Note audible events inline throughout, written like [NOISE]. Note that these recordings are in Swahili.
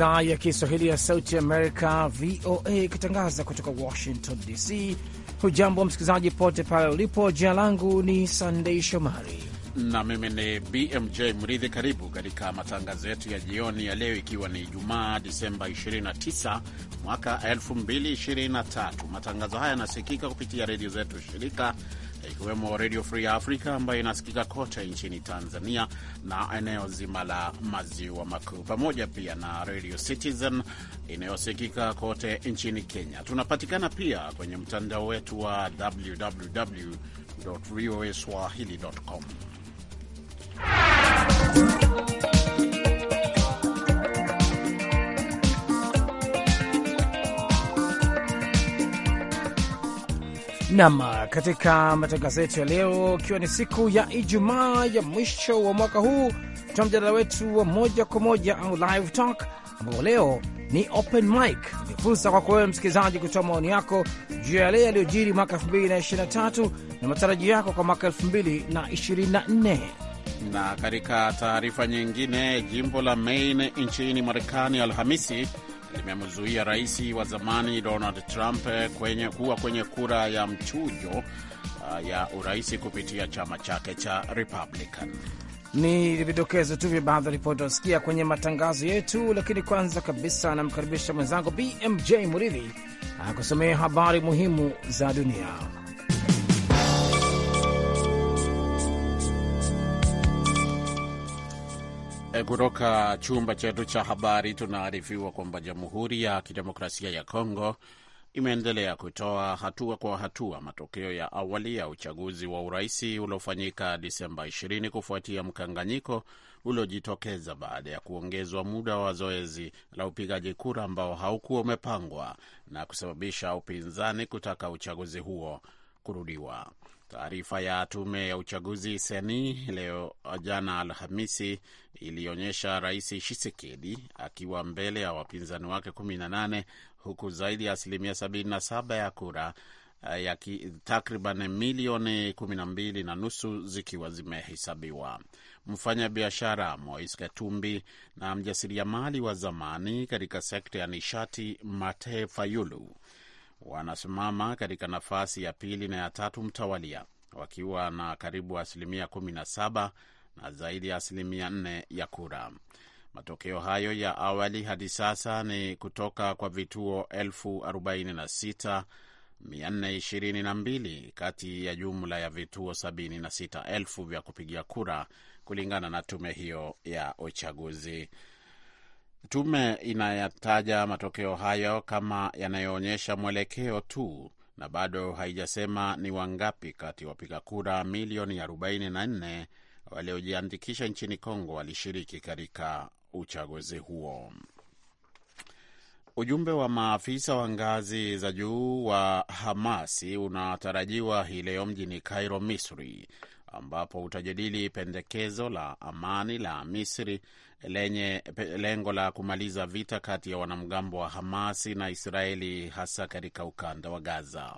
idhaa ya Kiswahili ya Sauti Amerika, VOA, ikitangaza kutoka Washington DC. Hujambo msikilizaji pote pale ulipo. Jina langu ni Sandei Shomari na mimi ni BMJ Mridhi. Karibu katika matangazo yetu ya jioni ya leo, ikiwa ni Jumaa Disemba 29 mwaka 2023. Matangazo haya yanasikika kupitia redio zetu shirika ikiwemo Radio Free Africa ambayo inasikika kote nchini Tanzania na eneo zima la maziwa makuu, pamoja pia na Radio Citizen inayosikika kote nchini Kenya. Tunapatikana pia kwenye mtandao wetu wa www voaswahili.com. Nam, katika matangazo yetu ya leo, ikiwa ni siku ya Ijumaa ya mwisho wa mwaka huu, tuna mjadala wetu wa moja kwa moja au live talk, ambapo leo ni open mic. Ni fursa kwako wewe msikilizaji kutoa maoni yako juu ya yale yaliyojiri mwaka 2023 na, na matarajio yako kwa mwaka 2024 na katika taarifa nyingine, jimbo la Maine nchini Marekani Alhamisi limemzuia rais wa zamani Donald Trump eh, kwenye, kuwa kwenye kura ya mchujo uh, ya urais kupitia chama chake cha Republican. Ni vidokezo tu vya baadhi ya ripoti unasikia kwenye matangazo yetu, lakini kwanza kabisa anamkaribisha mwenzangu BMJ Muridhi akusomea habari muhimu za dunia. Eh, kutoka chumba chetu cha habari tunaarifiwa kwamba Jamhuri ya Kidemokrasia ya Kongo imeendelea kutoa hatua kwa hatua matokeo ya awali ya uchaguzi wa uraisi uliofanyika Disemba 20 kufuatia mkanganyiko uliojitokeza baada ya kuongezwa muda wa zoezi la upigaji kura ambao haukuwa umepangwa na kusababisha upinzani kutaka uchaguzi huo kurudiwa. Taarifa ya tume ya uchaguzi seni leo uh, jana Alhamisi ilionyesha rais Tshisekedi akiwa mbele ya wapinzani wake 18 huku zaidi ya asilimia 77 ya kura uh, ya takriban milioni 12 na na nusu zikiwa zimehesabiwa. Mfanyabiashara mois Katumbi na mjasiriamali wa zamani katika sekta ya nishati Mate Fayulu wanasimama katika nafasi ya pili na ya tatu mtawalia wakiwa na karibu asilimia 17 na zaidi ya asilimia 4 ya kura. Matokeo hayo ya awali hadi sasa ni kutoka kwa vituo 46422 kati ya jumla ya vituo 76,000 vya kupigia kura kulingana na tume hiyo ya uchaguzi. Tume inayataja matokeo hayo kama yanayoonyesha mwelekeo tu na bado haijasema ni wangapi kati ya wapiga kura milioni 44 waliojiandikisha nchini Kongo walishiriki katika uchaguzi huo. Ujumbe wa maafisa wa ngazi za juu wa Hamasi unatarajiwa hii leo mjini Kairo, Misri, ambapo utajadili pendekezo la amani la Misri lenye lengo la kumaliza vita kati ya wanamgambo wa Hamasi na Israeli hasa katika ukanda wa Gaza.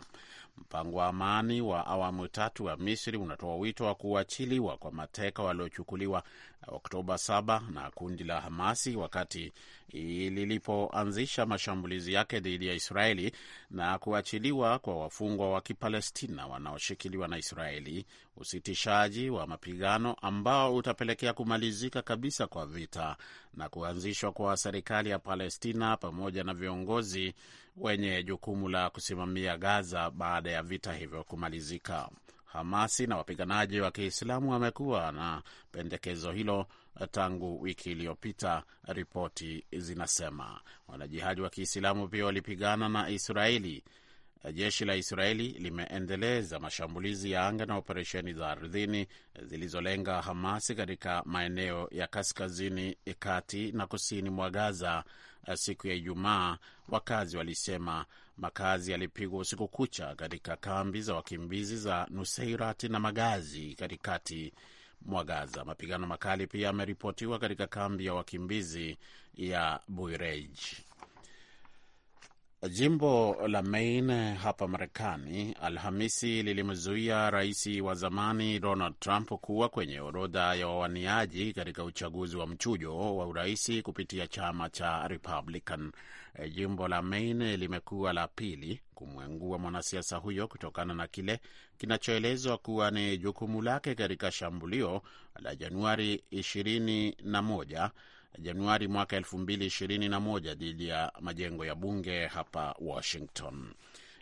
Mpango wa amani wa awamu tatu wa Misri unatoa wito wa kuachiliwa kwa mateka waliochukuliwa Oktoba 7 na kundi la Hamasi wakati lilipoanzisha mashambulizi yake dhidi ya Israeli na kuachiliwa kwa wafungwa wa Kipalestina wanaoshikiliwa na Israeli usitishaji wa mapigano ambao utapelekea kumalizika kabisa kwa vita na kuanzishwa kwa serikali ya Palestina pamoja na viongozi wenye jukumu la kusimamia Gaza baada ya vita hivyo kumalizika. Hamasi na wapiganaji wa Kiislamu wamekuwa na pendekezo hilo tangu wiki iliyopita, ripoti zinasema. Wanajihadi wa Kiislamu pia walipigana na Israeli Jeshi la Israeli limeendeleza mashambulizi ya anga na operesheni za ardhini zilizolenga Hamasi katika maeneo ya kaskazini, kati na kusini mwa Gaza siku ya Ijumaa, wakazi walisema. Makazi yalipigwa usiku kucha katika kambi za wakimbizi za nuseirat na Magazi katikati mwa Gaza. Mapigano makali pia yameripotiwa katika kambi ya wakimbizi ya buireji Jimbo la Maine hapa Marekani Alhamisi lilimzuia rais wa zamani Donald Trump kuwa kwenye orodha ya wawaniaji katika uchaguzi wa mchujo wa urais kupitia chama cha Republican. E, jimbo la Maine limekuwa la pili kumwengua mwanasiasa huyo kutokana na kile kinachoelezwa kuwa ni jukumu lake katika shambulio la Januari Januari mwaka 2021 dhidi ya majengo ya bunge hapa Washington.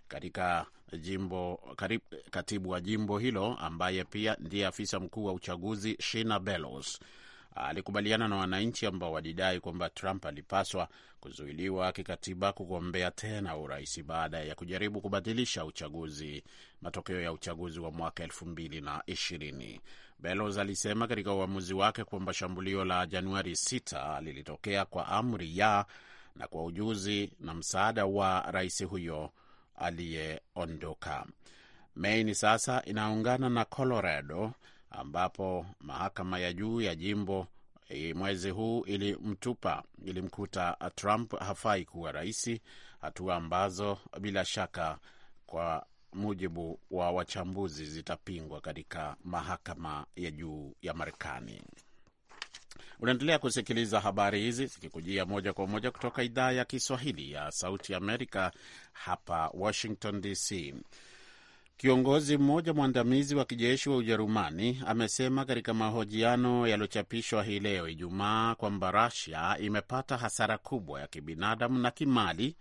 Katika jimbo karib, katibu wa jimbo hilo ambaye pia ndiye afisa mkuu wa uchaguzi Shina Bellows alikubaliana na wananchi ambao walidai kwamba Trump alipaswa kuzuiliwa kikatiba kugombea tena urais baada ya kujaribu kubatilisha uchaguzi, matokeo ya uchaguzi wa mwaka elfu mbili na ishirini. Belos alisema katika uamuzi wake kwamba shambulio la Januari 6 lilitokea kwa amri ya na kwa ujuzi na msaada wa rais huyo aliyeondoka. Maine sasa inaungana na Colorado ambapo mahakama ya juu ya jimbo e, mwezi huu ilimtupa ilimkuta Trump hafai kuwa raisi hatua ambazo bila shaka kwa mujibu wa wachambuzi zitapingwa katika mahakama ya juu ya Marekani. Unaendelea kusikiliza habari hizi zikikujia moja kwa moja kutoka idhaa ya Kiswahili ya Sauti Amerika hapa Washington DC. Kiongozi mmoja mwandamizi wa kijeshi wa Ujerumani amesema katika mahojiano yaliyochapishwa hii leo Ijumaa kwamba rasia imepata hasara kubwa ya kibinadamu na kimali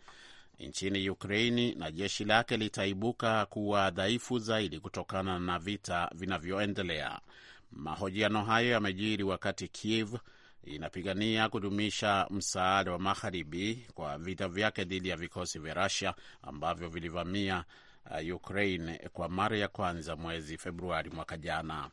nchini Ukraini na jeshi lake litaibuka kuwa dhaifu zaidi kutokana na vita vinavyoendelea. Mahojiano hayo yamejiri wakati Kiev inapigania kudumisha msaada wa magharibi kwa vita vyake dhidi ya vikosi vya rasia ambavyo vilivamia ukrain uh, Ukraine kwa mara ya kwanza mwezi Februari mwaka jana.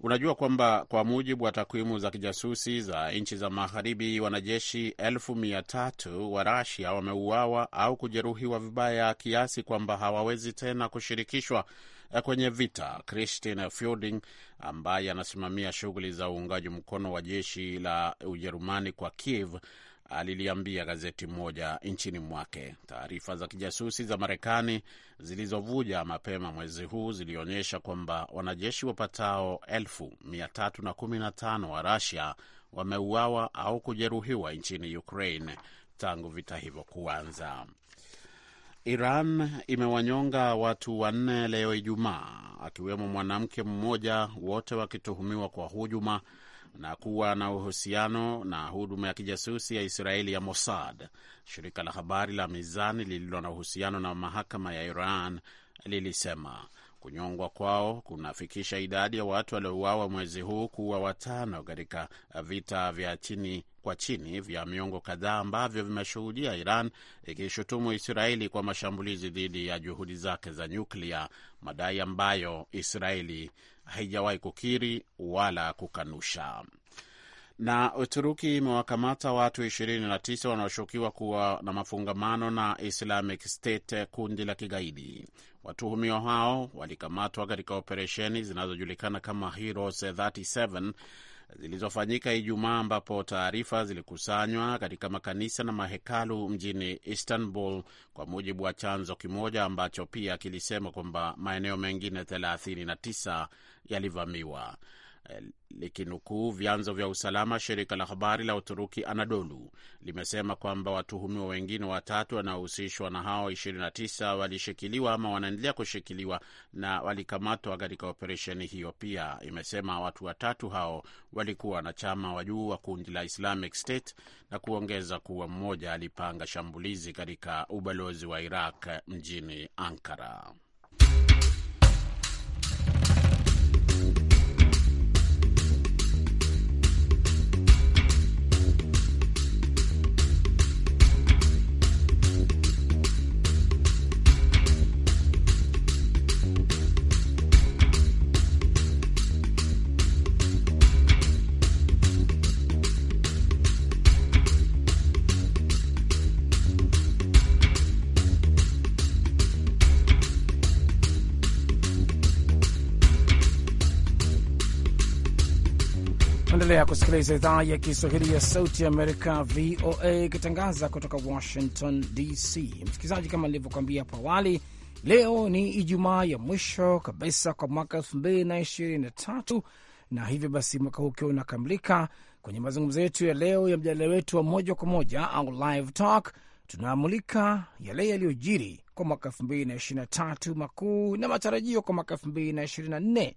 Unajua kwamba kwa mujibu wa takwimu za kijasusi za nchi za magharibi, wanajeshi elfu mia tatu wa Rasia wameuawa au kujeruhiwa vibaya kiasi kwamba hawawezi tena kushirikishwa uh, kwenye vita. Christine Fielding ambaye anasimamia shughuli za uungaji mkono wa jeshi la Ujerumani kwa Kiev aliliambia gazeti moja nchini mwake. Taarifa za kijasusi za Marekani zilizovuja mapema mwezi huu zilionyesha kwamba wanajeshi wapatao elfu wa Rasia wameuawa au kujeruhiwa nchini Ukraine tangu vita hivyo kuanza. Iran imewanyonga watu wanne leo Ijumaa, akiwemo mwanamke mmoja, wote wakituhumiwa kwa hujuma na kuwa na uhusiano na huduma ya kijasusi ya Israeli ya Mossad. Shirika la habari la Mizani lililo na uhusiano na mahakama ya Iran lilisema kunyongwa kwao kunafikisha idadi ya watu waliouawa mwezi huu kuwa watano katika vita vya chini kwa chini vya miongo kadhaa ambavyo vimeshuhudia Iran ikishutumu Israeli kwa mashambulizi dhidi ya juhudi zake za nyuklia, madai ambayo Israeli haijawahi kukiri wala kukanusha. Na Uturuki imewakamata watu 29 wanaoshukiwa kuwa na mafungamano na Islamic State, kundi la kigaidi. Watuhumiwa hao walikamatwa katika operesheni zinazojulikana kama Heroes 37 zilizofanyika Ijumaa, ambapo taarifa zilikusanywa katika makanisa na mahekalu mjini Istanbul, kwa mujibu wa chanzo kimoja ambacho pia kilisema kwamba maeneo mengine 39 yalivamiwa likinukuu vyanzo vya usalama, shirika la habari la Uturuki Anadolu limesema kwamba watuhumiwa wengine watatu wanaohusishwa na hao 29 walishikiliwa ama wanaendelea kushikiliwa na walikamatwa katika operesheni hiyo. Pia imesema watu watatu hao walikuwa wanachama wa juu wa kundi la Islamic State na kuongeza kuwa mmoja alipanga shambulizi katika ubalozi wa Iraq mjini Ankara. Unaendelea kusikiliza idhaa ya Kiswahili ya Sauti ya Amerika, VOA, ikitangaza kutoka Washington DC. Msikilizaji, kama nilivyokuambia hapo awali, leo ni Ijumaa ya mwisho kabisa kwa mwaka 223 na hivyo basi mwaka huu ukiwa unakamilika, kwenye mazungumzo yetu ya leo ya mjadala wetu wa moja kwa moja au live talk, tunaamulika yale yaliyojiri kwa mwaka 223 makuu na matarajio kwa mwaka 224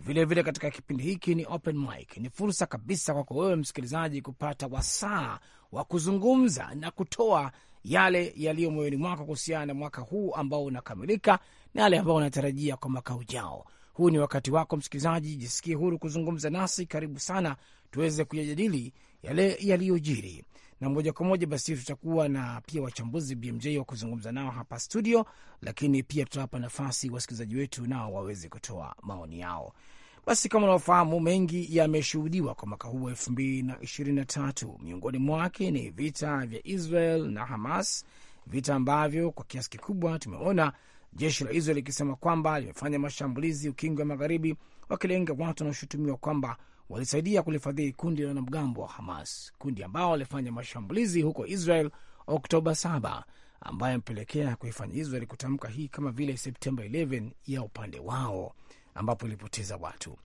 Vilevile vile katika kipindi hiki ni open mic, ni fursa kabisa kwako wewe msikilizaji kupata wasaa wa kuzungumza na kutoa yale yaliyo moyoni mwako kuhusiana na mwaka huu ambao unakamilika na yale ambao unatarajia kwa mwaka ujao. Huu ni wakati wako msikilizaji, jisikie huru kuzungumza nasi. Karibu sana tuweze kuyajadili yale yaliyojiri na moja kwa moja basi tutakuwa na pia wachambuzi BMJ wa kuzungumza nao hapa studio, lakini pia tutawapa nafasi wasikilizaji wetu nao waweze kutoa maoni yao. Basi kama unaofahamu, mengi yameshuhudiwa kwa mwaka huu elfu mbili na ishirini na tatu. Miongoni mwake ni vita vya Israel na Hamas, vita ambavyo kwa kiasi kikubwa tumeona jeshi la Israel ikisema kwamba limefanya mashambulizi ukingo wa magharibi, wakilenga watu wanaoshutumiwa kwamba walisaidia kulifadhili kundi la wanamgambo wa Hamas, kundi ambao walifanya mashambulizi huko Israel Oktoba 7 ambayo amepelekea kuifanya Israel kutamka hii kama vile Septemba 11 ya upande wao, ambapo ilipoteza watu.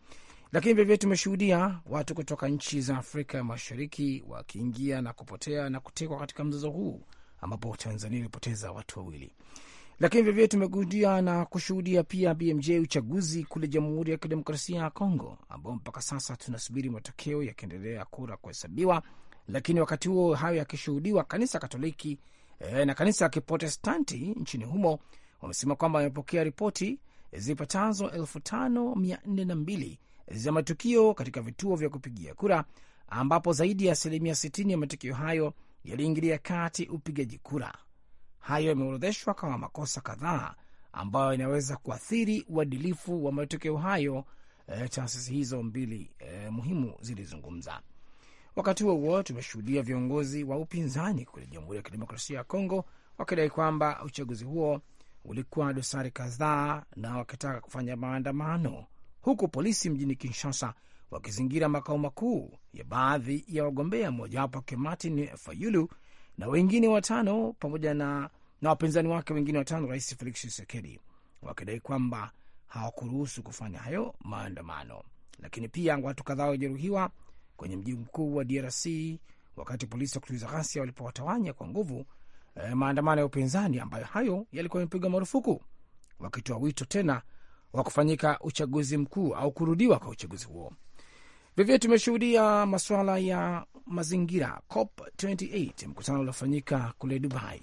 Lakini vilevile tumeshuhudia watu kutoka nchi za Afrika Mashariki wakiingia na kupotea na kutekwa katika mzozo huu, ambapo Tanzania ilipoteza watu wawili. Lakini vilevile tumegudia na kushuhudia pia BMJ uchaguzi kule Jamhuri ya Kidemokrasia ya Kongo, ambao mpaka sasa tunasubiri matokeo yakiendelea ya kura kuhesabiwa. Lakini wakati huo hayo yakishuhudiwa, kanisa Katoliki e, na kanisa ya Kiprotestanti nchini humo wamesema kwamba wamepokea ripoti zipatazo elfu tano mia nne na mbili za matukio katika vituo vya kupigia kura ambapo zaidi ya asilimia 60 ya matukio hayo yaliingilia kati upigaji kura. Hayo yameorodheshwa kama makosa kadhaa ambayo inaweza kuathiri uadilifu wa matokeo hayo. E, taasisi hizo mbili e, muhimu zilizungumza. Wakati huo huo, tumeshuhudia viongozi wa upinzani kule Jamhuri ya Kidemokrasia ya Kongo wakidai kwamba uchaguzi huo ulikuwa na dosari kadhaa na wakitaka kufanya maandamano, huku polisi mjini Kinshasa wakizingira makao makuu ya baadhi ya wagombea, mmojawapo wake Martin Fayulu na wengine watano pamoja na, na wapinzani wake wengine watano, Rais Felix Tshisekedi wakidai kwamba hawakuruhusu kufanya hayo maandamano. Lakini pia watu kadhaa walijeruhiwa kwenye mji mkuu wa DRC wakati polisi wa kutuliza ghasia walipowatawanya kwa nguvu eh, maandamano ya upinzani ambayo hayo yalikuwa yamepigwa marufuku, wakitoa wito tena wa kufanyika uchaguzi mkuu au kurudiwa kwa uchaguzi huo. Vivyo tumeshuhudia masuala ya mazingira COP 28 mkutano uliofanyika kule Dubai.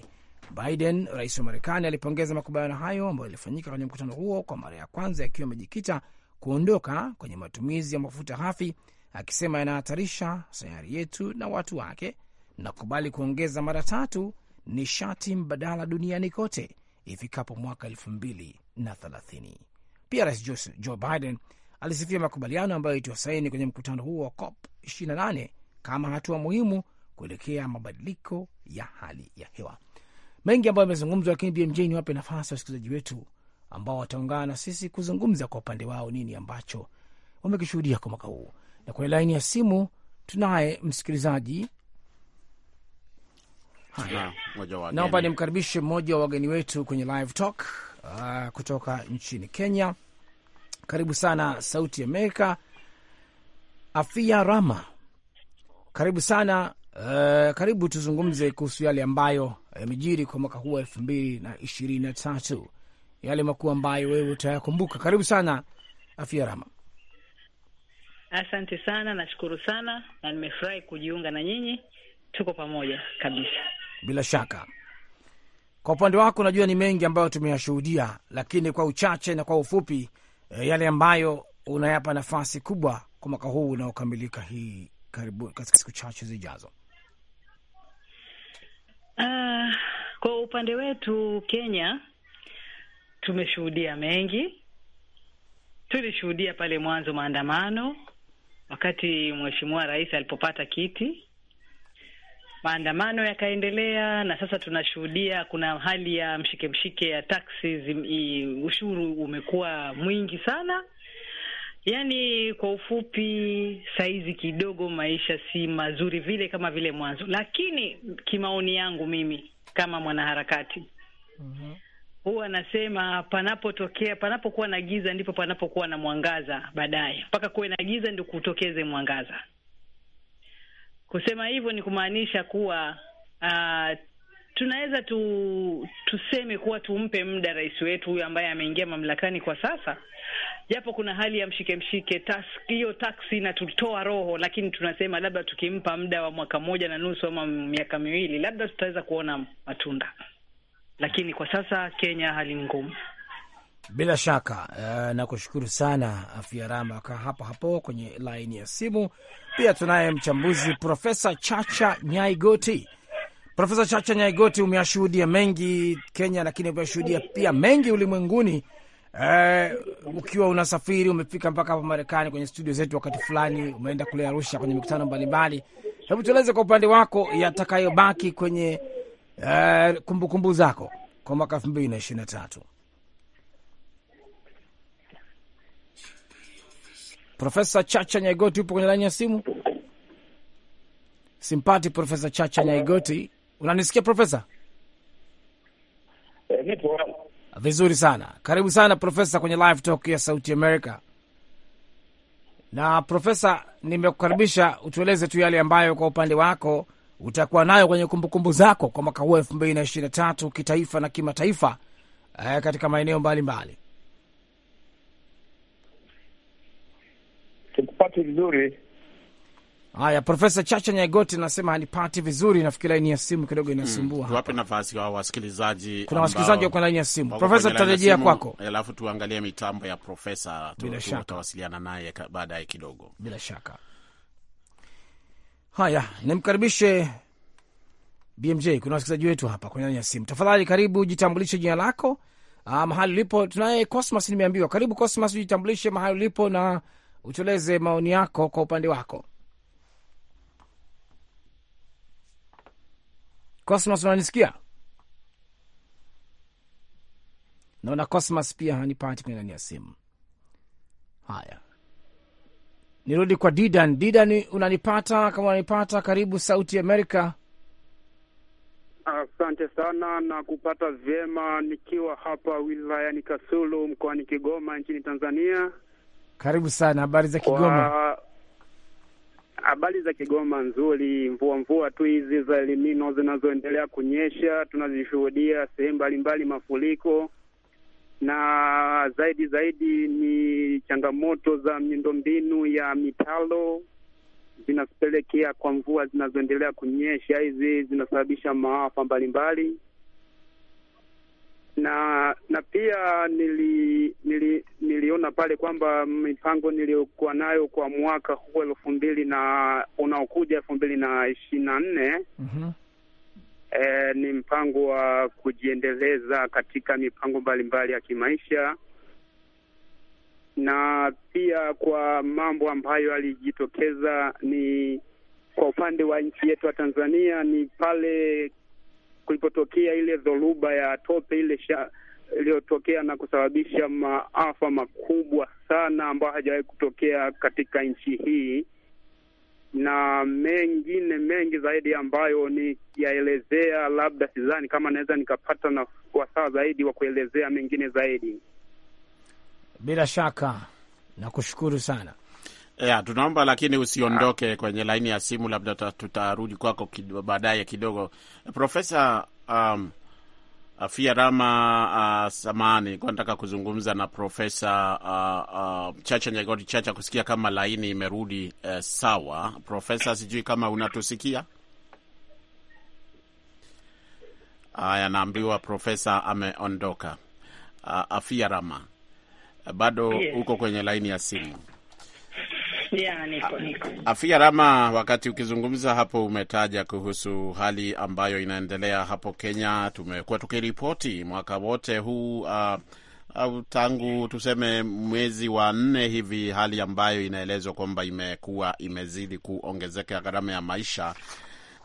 Biden, rais wa Marekani, alipongeza makubaliano hayo ambayo yalifanyika kwenye mkutano huo kwa mara ya kwanza, yakiwa amejikita kuondoka kwenye matumizi ya mafuta ghafi, akisema yanahatarisha sayari yetu na watu wake, na kubali kuongeza mara tatu nishati mbadala duniani kote ifikapo mwaka elfu mbili na thelathini. Pia rais Joe Biden alisifia makubaliano ambayo itiwa saini kwenye mkutano huo wa COP 28 kama hatua muhimu kuelekea mabadiliko ya hali ya hewa. Mengi ambayo yamezungumzwa, lakini BMJ ni wape nafasi wasikilizaji wetu ambao wataungana na sisi kuzungumza kwa upande wao nini ambacho wamekishuhudia kwa mwaka huu. Na kwenye laini ya simu tunaye msikilizaji naomba nimkaribishe mmoja wa wageni wetu kwenye live talk uh, kutoka nchini Kenya karibu sana Sauti Amerika. Afia Rama, karibu sana uh, karibu tuzungumze kuhusu yale ambayo yamejiri kwa mwaka huu wa elfu mbili na ishirini na tatu, yale makuu ambayo wewe utayakumbuka. Karibu sana Afia Rama. Asante sana, nashukuru sana na nimefurahi kujiunga na nyinyi, tuko pamoja kabisa. Bila shaka kwa upande wako, najua ni mengi ambayo tumeyashuhudia, lakini kwa uchache na kwa ufupi Eh, yale ambayo unayapa nafasi kubwa kwa mwaka huu unaokamilika hii karibu katika siku chache zijazo? Uh, kwa upande wetu Kenya tumeshuhudia mengi. Tulishuhudia pale mwanzo maandamano wakati mheshimiwa rais alipopata kiti maandamano yakaendelea, na sasa tunashuhudia kuna hali ya mshike mshike ya taxi, ushuru umekuwa mwingi sana. Yaani, kwa ufupi, saizi kidogo maisha si mazuri vile kama vile mwanzo, lakini kimaoni yangu mimi kama mwanaharakati mm -hmm. huwa nasema panapotokea, panapokuwa na giza ndipo panapokuwa na mwangaza baadaye, mpaka kuwe na giza ndio kutokeze mwangaza. Kusema hivyo ni kumaanisha kuwa uh, tunaweza tu, tuseme kuwa tumpe muda rais wetu huyu ambaye ameingia mamlakani kwa sasa, japo kuna hali ya mshike mshike, hiyo taksi inatutoa roho, lakini tunasema labda tukimpa muda wa mwaka mmoja na nusu ama miaka miwili, labda tutaweza kuona matunda, lakini kwa sasa Kenya hali ngumu. Bila shaka uh, nakushukuru sana Afia Rama ka hapo hapo kwenye laini ya simu. Pia tunaye mchambuzi Profesa Chacha Nyaigoti. Profesa Chacha Nyaigoti, umeashuhudia mengi Kenya, lakini umeashuhudia pia mengi ulimwenguni. Uh, ukiwa unasafiri umefika mpaka hapa Marekani kwenye studio zetu, wakati fulani umeenda kule Arusha kwenye mikutano mbalimbali. Hebu tueleze kwa upande wako yatakayobaki kwenye eh, kumbukumbu uh, kumbu zako kwa mwaka elfu mbili na ishirini na tatu. Profesa Chacha Nyaigoti, upo kwenye laini ya simu? Simpati Profesa Chacha Nyaigoti, unanisikia Profesa? Eh, vizuri sana. Karibu sana Profesa kwenye live talk ya Sauti America. Na Profesa, nimekukaribisha utueleze tu yale ambayo kwa upande wako utakuwa nayo kwenye kumbukumbu zako kwa mwaka huu elfu mbili na ishirini na tatu kitaifa na kimataifa, eh, katika maeneo mbalimbali. sikupati vizuri. Haya, Profesa Chacha Nyagoti nasema hanipati vizuri, nafikiri laini ya simu kidogo inasumbua. Hmm, tuwape nafasi wa wasikilizaji, kuna wasikilizaji wako laini ya simu. Profesa, tutarejea kwako, alafu tuangalie mitambo ya profesa, tutawasiliana naye baadaye kidogo, bila shaka. Haya, nimkaribishe BMJ. Kuna wasikilizaji wetu hapa kwenye laini ya simu. Tafadhali karibu, jitambulishe jina lako, ah, mahali ulipo. Tunaye Cosmas, nimeambiwa. Karibu Cosmas, ujitambulishe mahali ulipo na utueleze maoni yako kwa upande wako. Cosmas, unanisikia? Naona Cosmas pia hanipati kwenye ndani ya simu. Haya, nirudi kwa Didan. Didan, unanipata? Kama unanipata, karibu Sauti Amerika. Asante sana na kupata vyema, nikiwa hapa wilayani Kasulu mkoani Kigoma nchini Tanzania. Karibu sana. Habari za Kigoma? Habari za Kigoma nzuri. Mvua mvua tu hizi za elimino zinazoendelea kunyesha, tunazishuhudia sehemu mbalimbali mafuriko, na zaidi zaidi ni changamoto za miundombinu ya mitalo zinazopelekea kwa mvua zinazoendelea kunyesha hizi zinasababisha maafa mbalimbali na na pia nili, nili, niliona pale kwamba mipango niliyokuwa nayo kwa mwaka huu elfu mbili na unaokuja elfu mbili na ishirini na nne mm-hmm. E, ni mpango wa kujiendeleza katika mipango mbalimbali ya kimaisha na pia kwa mambo ambayo alijitokeza ni kwa upande wa nchi yetu ya Tanzania ni pale kulipotokea ile dhoruba ya tope ile iliyotokea na kusababisha maafa makubwa sana ambayo hajawahi kutokea katika nchi hii na mengine mengi zaidi ambayo nikiyaelezea, labda sidhani kama naweza nikapata na wasaa zaidi wa kuelezea mengine zaidi. Bila shaka nakushukuru sana. Yeah, tunaomba lakini usiondoke ah. kwenye laini ya simu, labda tutarudi kwako baadaye kidogo. Profesa um, Afia Rama uh, samani kwa nataka kuzungumza na Profesa uh, uh, Chacha Nyagoti Chacha kusikia kama laini imerudi uh, sawa. Profesa, sijui kama unatusikia. Haya, naambiwa profesa ameondoka. Uh, Afia Rama bado uko kwenye laini ya simu. Yeah, niko, niko. Afia Rama, wakati ukizungumza hapo umetaja kuhusu hali ambayo inaendelea hapo Kenya. Tumekuwa tukiripoti mwaka wote huu uh, au tangu tuseme mwezi wa nne hivi, hali ambayo inaelezwa kwamba imekuwa imezidi kuongezeka gharama ya maisha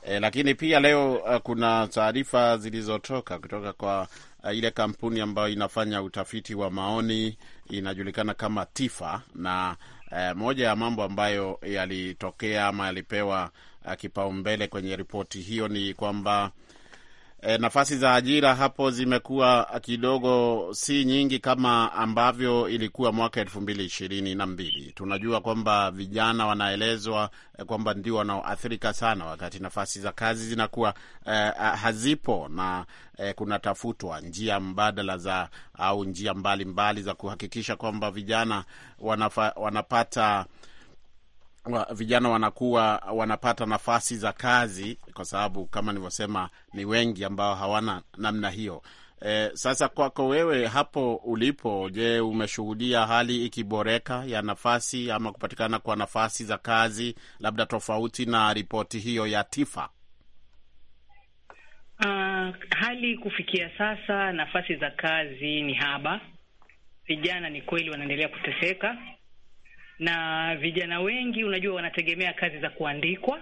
e, lakini pia leo uh, kuna taarifa zilizotoka kutoka kwa uh, ile kampuni ambayo inafanya utafiti wa maoni inajulikana kama Tifa na eh, moja ya mambo ambayo yalitokea ama yalipewa eh, kipaumbele kwenye ripoti hiyo ni kwamba E, nafasi za ajira hapo zimekuwa kidogo si nyingi kama ambavyo ilikuwa mwaka elfu mbili ishirini na mbili. Tunajua kwamba vijana wanaelezwa e, kwamba ndio wanaoathirika sana wakati nafasi za kazi zinakuwa e, hazipo na eh, kunatafutwa njia mbadala za au njia mbalimbali mbali za kuhakikisha kwamba vijana wanafa, wanapata wa, vijana wanakuwa wanapata nafasi za kazi, kwa sababu kama nilivyosema ni wengi ambao hawana namna hiyo. E, sasa kwako wewe hapo ulipo, je, umeshuhudia hali ikiboreka ya nafasi ama kupatikana kwa nafasi za kazi, labda tofauti na ripoti hiyo ya TIFA? Uh, hali kufikia sasa nafasi za kazi ni haba. Vijana ni kweli wanaendelea kuteseka, na vijana wengi, unajua, wanategemea kazi za kuandikwa,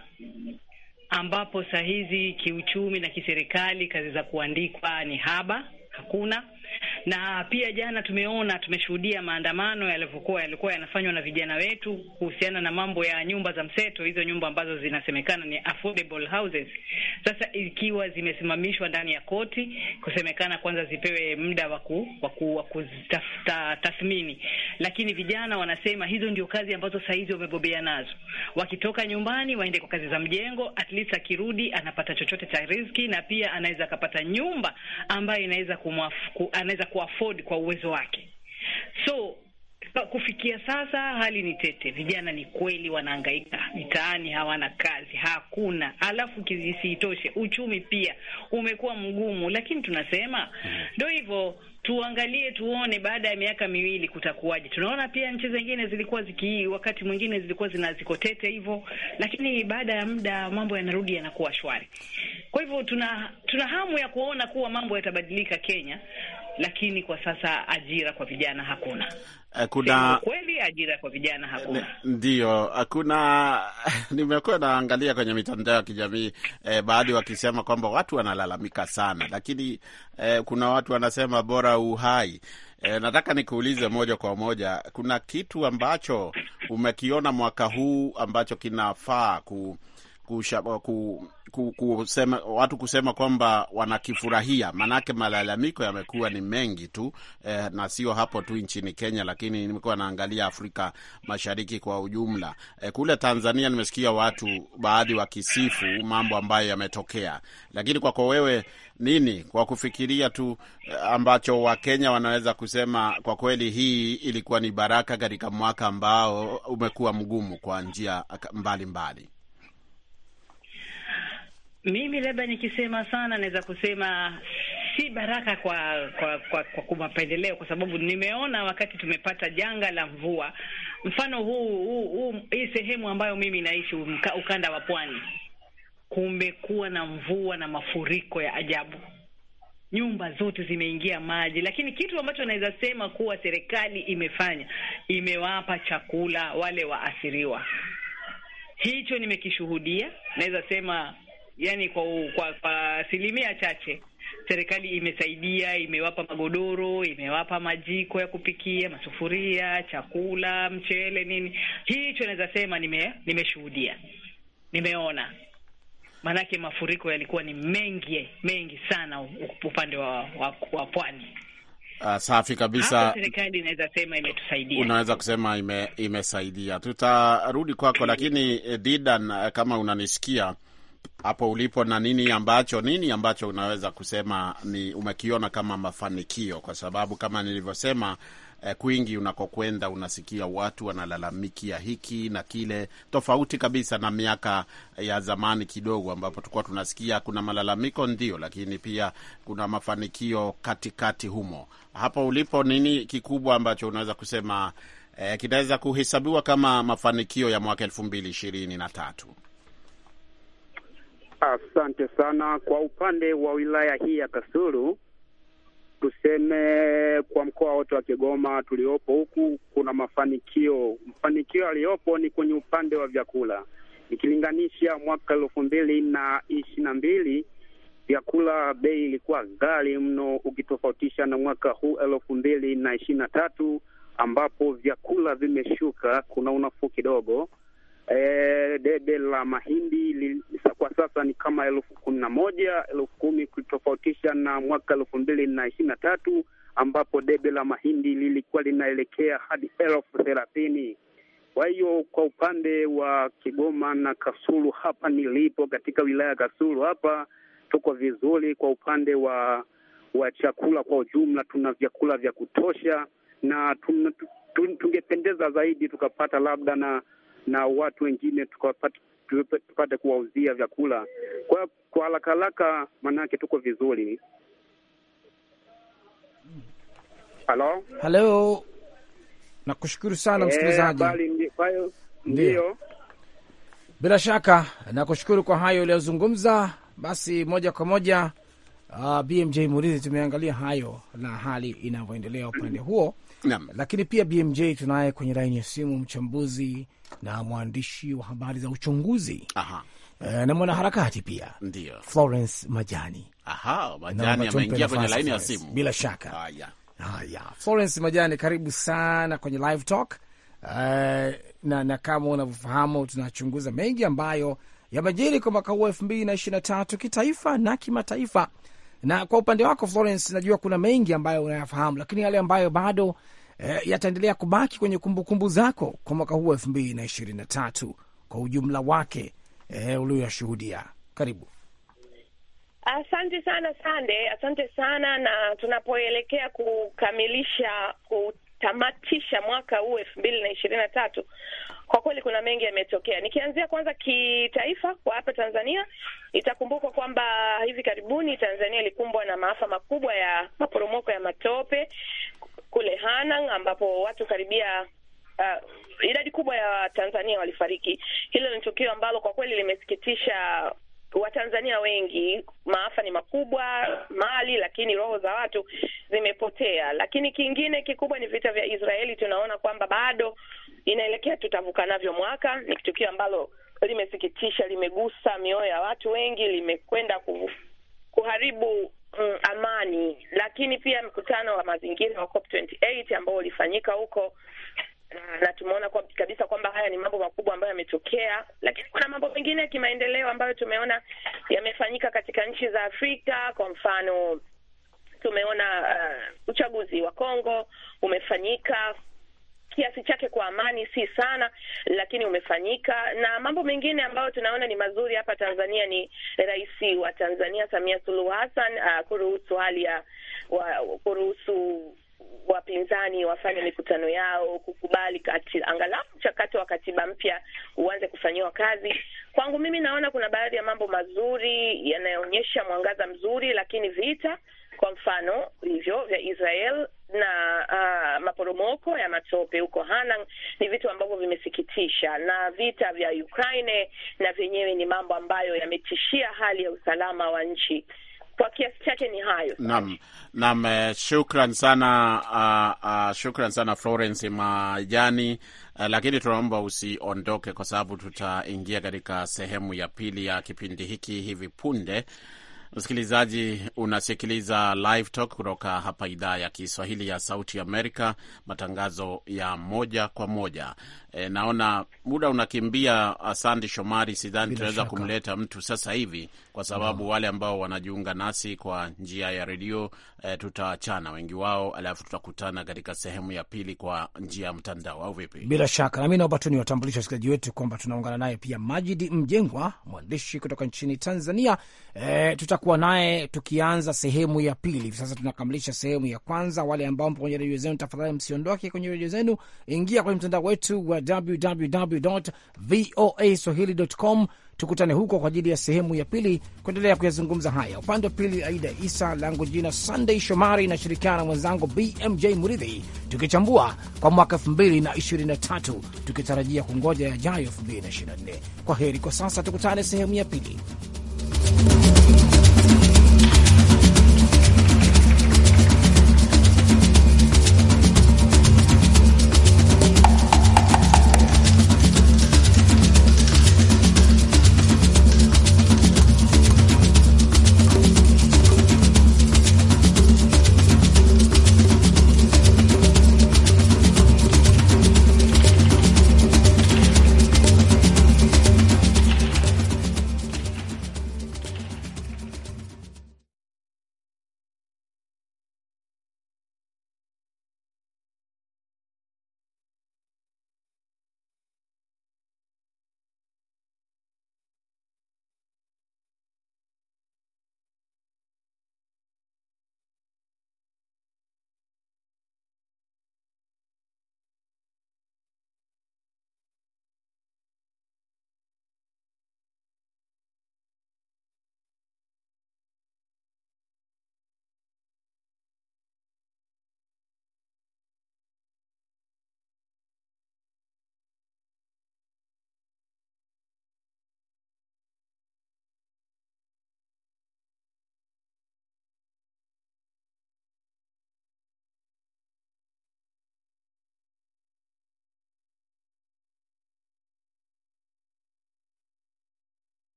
ambapo saa hizi kiuchumi na kiserikali kazi za kuandikwa ni haba, hakuna. Na pia jana tumeona, tumeshuhudia maandamano yalivyokuwa yalikuwa yanafanywa na vijana wetu kuhusiana na mambo ya nyumba za mseto, hizo nyumba ambazo zinasemekana ni affordable houses. Sasa ikiwa zimesimamishwa ndani ya koti, kusemekana kwanza zipewe muda wa kutathmini, lakini vijana wanasema hizo ndio kazi ambazo saa hizi wamebobea nazo. Wakitoka nyumbani waende kwa kazi za mjengo, at least akirudi anapata chochote cha riziki, na pia anaweza akapata nyumba ambayo inaweza kumwafu, anaweza kuafford kwa uwezo wake. So kufikia sasa hali ni tete, vijana ni kweli wanahangaika mitaani, hawana kazi, hakuna. Alafu kizisiitoshe uchumi pia umekuwa mgumu, lakini tunasema ndo mm, mm-hmm. hivyo tuangalie tuone, baada ya miaka miwili kutakuwaje. Tunaona pia nchi zingine zilikuwa ziki, wakati mwingine zilikuwa zinazikotete hivyo, lakini baada ya muda mambo yanarudi yanakuwa shwari. Kwa hivyo tuna, tuna hamu ya kuona kuwa mambo yatabadilika Kenya, lakini kwa sasa ajira kwa vijana hakuna. Eh, kuna kweli ajira kwa vijana hakuna, ndio eh, kuna. [LAUGHS] Nimekuwa naangalia kwenye mitandao ya kijamii eh, baadhi wakisema kwamba watu wanalalamika sana, lakini eh, kuna watu wanasema bora uhai. Eh, nataka nikuulize moja kwa moja, kuna kitu ambacho umekiona mwaka huu ambacho kinafaa ku ku, ku, kusema, watu kusema kwamba wanakifurahia, maanake malalamiko yamekuwa ni mengi tu eh, na sio hapo tu nchini Kenya, lakini nimekuwa naangalia Afrika Mashariki kwa ujumla. Eh, kule Tanzania nimesikia watu baadhi wakisifu mambo ambayo yametokea, lakini kwako wewe nini kwa kufikiria tu eh, ambacho Wakenya wanaweza kusema kwa kweli hii ilikuwa ni baraka katika mwaka ambao umekuwa mgumu kwa njia mbalimbali mbali. Mimi labda nikisema sana naweza kusema si baraka kwa kwa kwa, kwa kumapendeleo kwa sababu nimeona wakati tumepata janga la mvua, mfano huu huu, huu hii sehemu ambayo mimi naishi ukanda wa pwani, kumekuwa na mvua na mafuriko ya ajabu, nyumba zote zimeingia maji. Lakini kitu ambacho naweza sema kuwa serikali imefanya, imewapa chakula wale waathiriwa. Hicho nimekishuhudia, naweza sema yani kwa kwa, kwa asilimia chache serikali imesaidia, imewapa magodoro, imewapa majiko ya kupikia, masufuria, chakula, mchele, nini. Hicho naweza sema nime, nimeshuhudia, nimeona, maanake mafuriko yalikuwa ni mengi mengi sana upande wa, wa, wa pwani. Uh, safi kabisa. Serikali inaweza sema imetusaidia, unaweza kusema ime, imesaidia. Tutarudi kwako, lakini eh, Didan, eh, kama unanisikia hapo ulipo na nini ambacho nini ambacho unaweza kusema ni umekiona kama mafanikio, kwa sababu kama nilivyosema eh, kwingi unakokwenda unasikia watu wanalalamikia hiki na kile, tofauti kabisa na miaka ya zamani kidogo, ambapo tulikuwa tunasikia kuna malalamiko ndio, lakini pia kuna mafanikio katikati kati humo. Hapo ulipo nini kikubwa ambacho unaweza kusema eh, kinaweza kuhesabiwa kama mafanikio ya mwaka elfu mbili ishirini na tatu? Asante sana. Kwa upande wa wilaya hii ya Kasulu, tuseme kwa mkoa wote wa Kigoma tuliopo huku, kuna mafanikio. Mafanikio yaliyopo ni kwenye upande wa vyakula, ikilinganisha mwaka elfu mbili na ishirini na mbili vyakula bei ilikuwa ghali mno ukitofautisha na mwaka huu elfu mbili na ishirini na tatu ambapo vyakula vimeshuka, kuna unafuu kidogo E, debe la mahindi li, kwa sasa ni kama elfu kumi na moja elfu kumi kutofautisha na mwaka elfu mbili na ishirini na tatu ambapo debe la mahindi lilikuwa linaelekea hadi elfu thelathini. Kwa hiyo kwa upande wa Kigoma na Kasulu hapa nilipo katika wilaya ya Kasulu hapa tuko vizuri kwa upande wa wa chakula kwa ujumla, tuna vyakula vya kutosha na tun, tun, tungependeza zaidi tukapata labda na na watu wengine tukapata tupate kuwauzia vyakula kwa kwa haraka haraka, maanake tuko vizuri. Halo, halo, nakushukuru sana eh, msikilizaji. Ndio, bila shaka nakushukuru kwa hayo uliyozungumza. Basi moja kwa moja, uh, BMJ murizi tumeangalia hayo na hali inavyoendelea upande huo, lakini pia BMJ tunaye kwenye laini ya simu mchambuzi na mwandishi wa habari za uchunguzi Aha. E, na mwanaharakati pia ndio Florence Majani. Aha, Majani ameingia kwenye laini ya simu bila shaka. Haya. Haya. Florence Majani, karibu sana kwenye Live Talk. Uh, na, na kama unavyofahamu tunachunguza mengi ambayo yamejiri kwa mwaka huu elfu mbili na ishirini na tatu kitaifa na kimataifa. Na kwa upande wako Florence, najua kuna mengi ambayo unayafahamu, lakini yale ambayo bado eh, yataendelea kubaki kwenye kumbukumbu zako kwa mwaka huu elfu mbili na ishirini na tatu kwa ujumla wake eh, ulioyashuhudia. Karibu. Asante sana Sande, asante sana na tunapoelekea kukamilisha kutamatisha mwaka huu elfu mbili na ishirini na tatu kwa kweli kuna mengi yametokea. Nikianzia kwanza kitaifa kwa hapa Tanzania, itakumbukwa kwamba hivi karibuni Tanzania ilikumbwa na maafa makubwa ya maporomoko ya matope kule Hanang, ambapo watu karibia uh, idadi kubwa ya Watanzania walifariki. Hilo ni tukio ambalo kwa kweli limesikitisha Watanzania wengi. Maafa ni makubwa, mali lakini roho za watu zimepotea. Lakini kingine kikubwa ni vita vya Israeli. Tunaona kwamba bado inaelekea tutavuka navyo mwaka. Ni tukio ambalo limesikitisha, limegusa mioyo ya watu wengi, limekwenda kuharibu mm, amani. Lakini pia mkutano wa mazingira wa COP 28 ambao ulifanyika huko na tumeona kwa, kabisa kwamba haya ni mambo makubwa ambayo yametokea, lakini kuna mambo mengine ya kimaendeleo ambayo tumeona yamefanyika katika nchi za Afrika. Kwa mfano tumeona uh, uchaguzi wa Kongo umefanyika kiasi chake kwa amani, si sana, lakini umefanyika. Na mambo mengine ambayo tunaona ni mazuri hapa Tanzania ni Rais wa Tanzania Samia Suluhu Hassan uh, kuruhusu hali ya wa, kuruhusu wapinzani wafanye mikutano yao, kukubali kati, angalau mchakato wa katiba mpya uanze kufanyiwa kazi. Kwangu mimi naona kuna baadhi ya mambo mazuri yanayoonyesha mwangaza mzuri, lakini vita kwa mfano hivyo vya Israel na uh, maporomoko ya matope huko Hanang ni vitu ambavyo vimesikitisha, na vita vya Ukraine na vyenyewe ni mambo ambayo yametishia hali ya usalama wa nchi. Kwa kiasi chake ni hayo. Naam, naam, eh, shukran sana uh, uh, shukran sana Florence Majani. Uh, lakini tunaomba usiondoke, kwa sababu tutaingia katika sehemu ya pili ya kipindi hiki hivi punde. Msikilizaji, unasikiliza Live Talk kutoka hapa idhaa ya Kiswahili ya Sauti Amerika, matangazo ya moja kwa moja E, naona muda unakimbia. Asante Shomari, sidhani tunaweza kumleta mtu sasa hivi kwa sababu no. wale ambao wanajiunga nasi kwa njia ya redio e, tutaachana wengi wao, alafu tutakutana katika sehemu ya pili kwa njia ya mtandao, au vipi? Bila shaka, nami naomba tu niwatambulisha wasikilizaji wetu kwamba tunaungana naye pia Majidi Mjengwa, mwandishi kutoka nchini Tanzania. E, tutakuwa naye tukianza sehemu ya pili. Hivi sasa tunakamilisha sehemu ya kwanza. Wale ambao mpo kwenye redio zenu, tafadhali msiondoke kwenye redio zenu, ingia kwenye mtandao wetu wa na www voa swahili.com. Tukutane huko kwa ajili ya sehemu ya pili kuendelea kuyazungumza haya. Upande wa pili, Aida Isa langu jina Sunday Shomari, inashirikiana na mwenzangu BMJ Muridhi, tukichambua kwa mwaka 2023 tukitarajia kungoja yajayo 2024. Kwa heri kwa sasa, tukutane sehemu ya pili.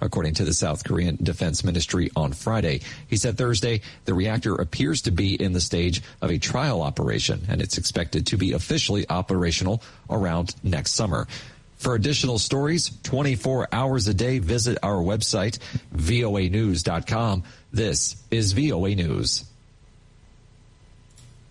according to the South Korean Defense Ministry on Friday. He said Thursday the reactor appears to be in the stage of a trial operation, and it's expected to be officially operational around next summer. For additional stories, 24 hours a day, visit our website, voanews.com. This is VOA News.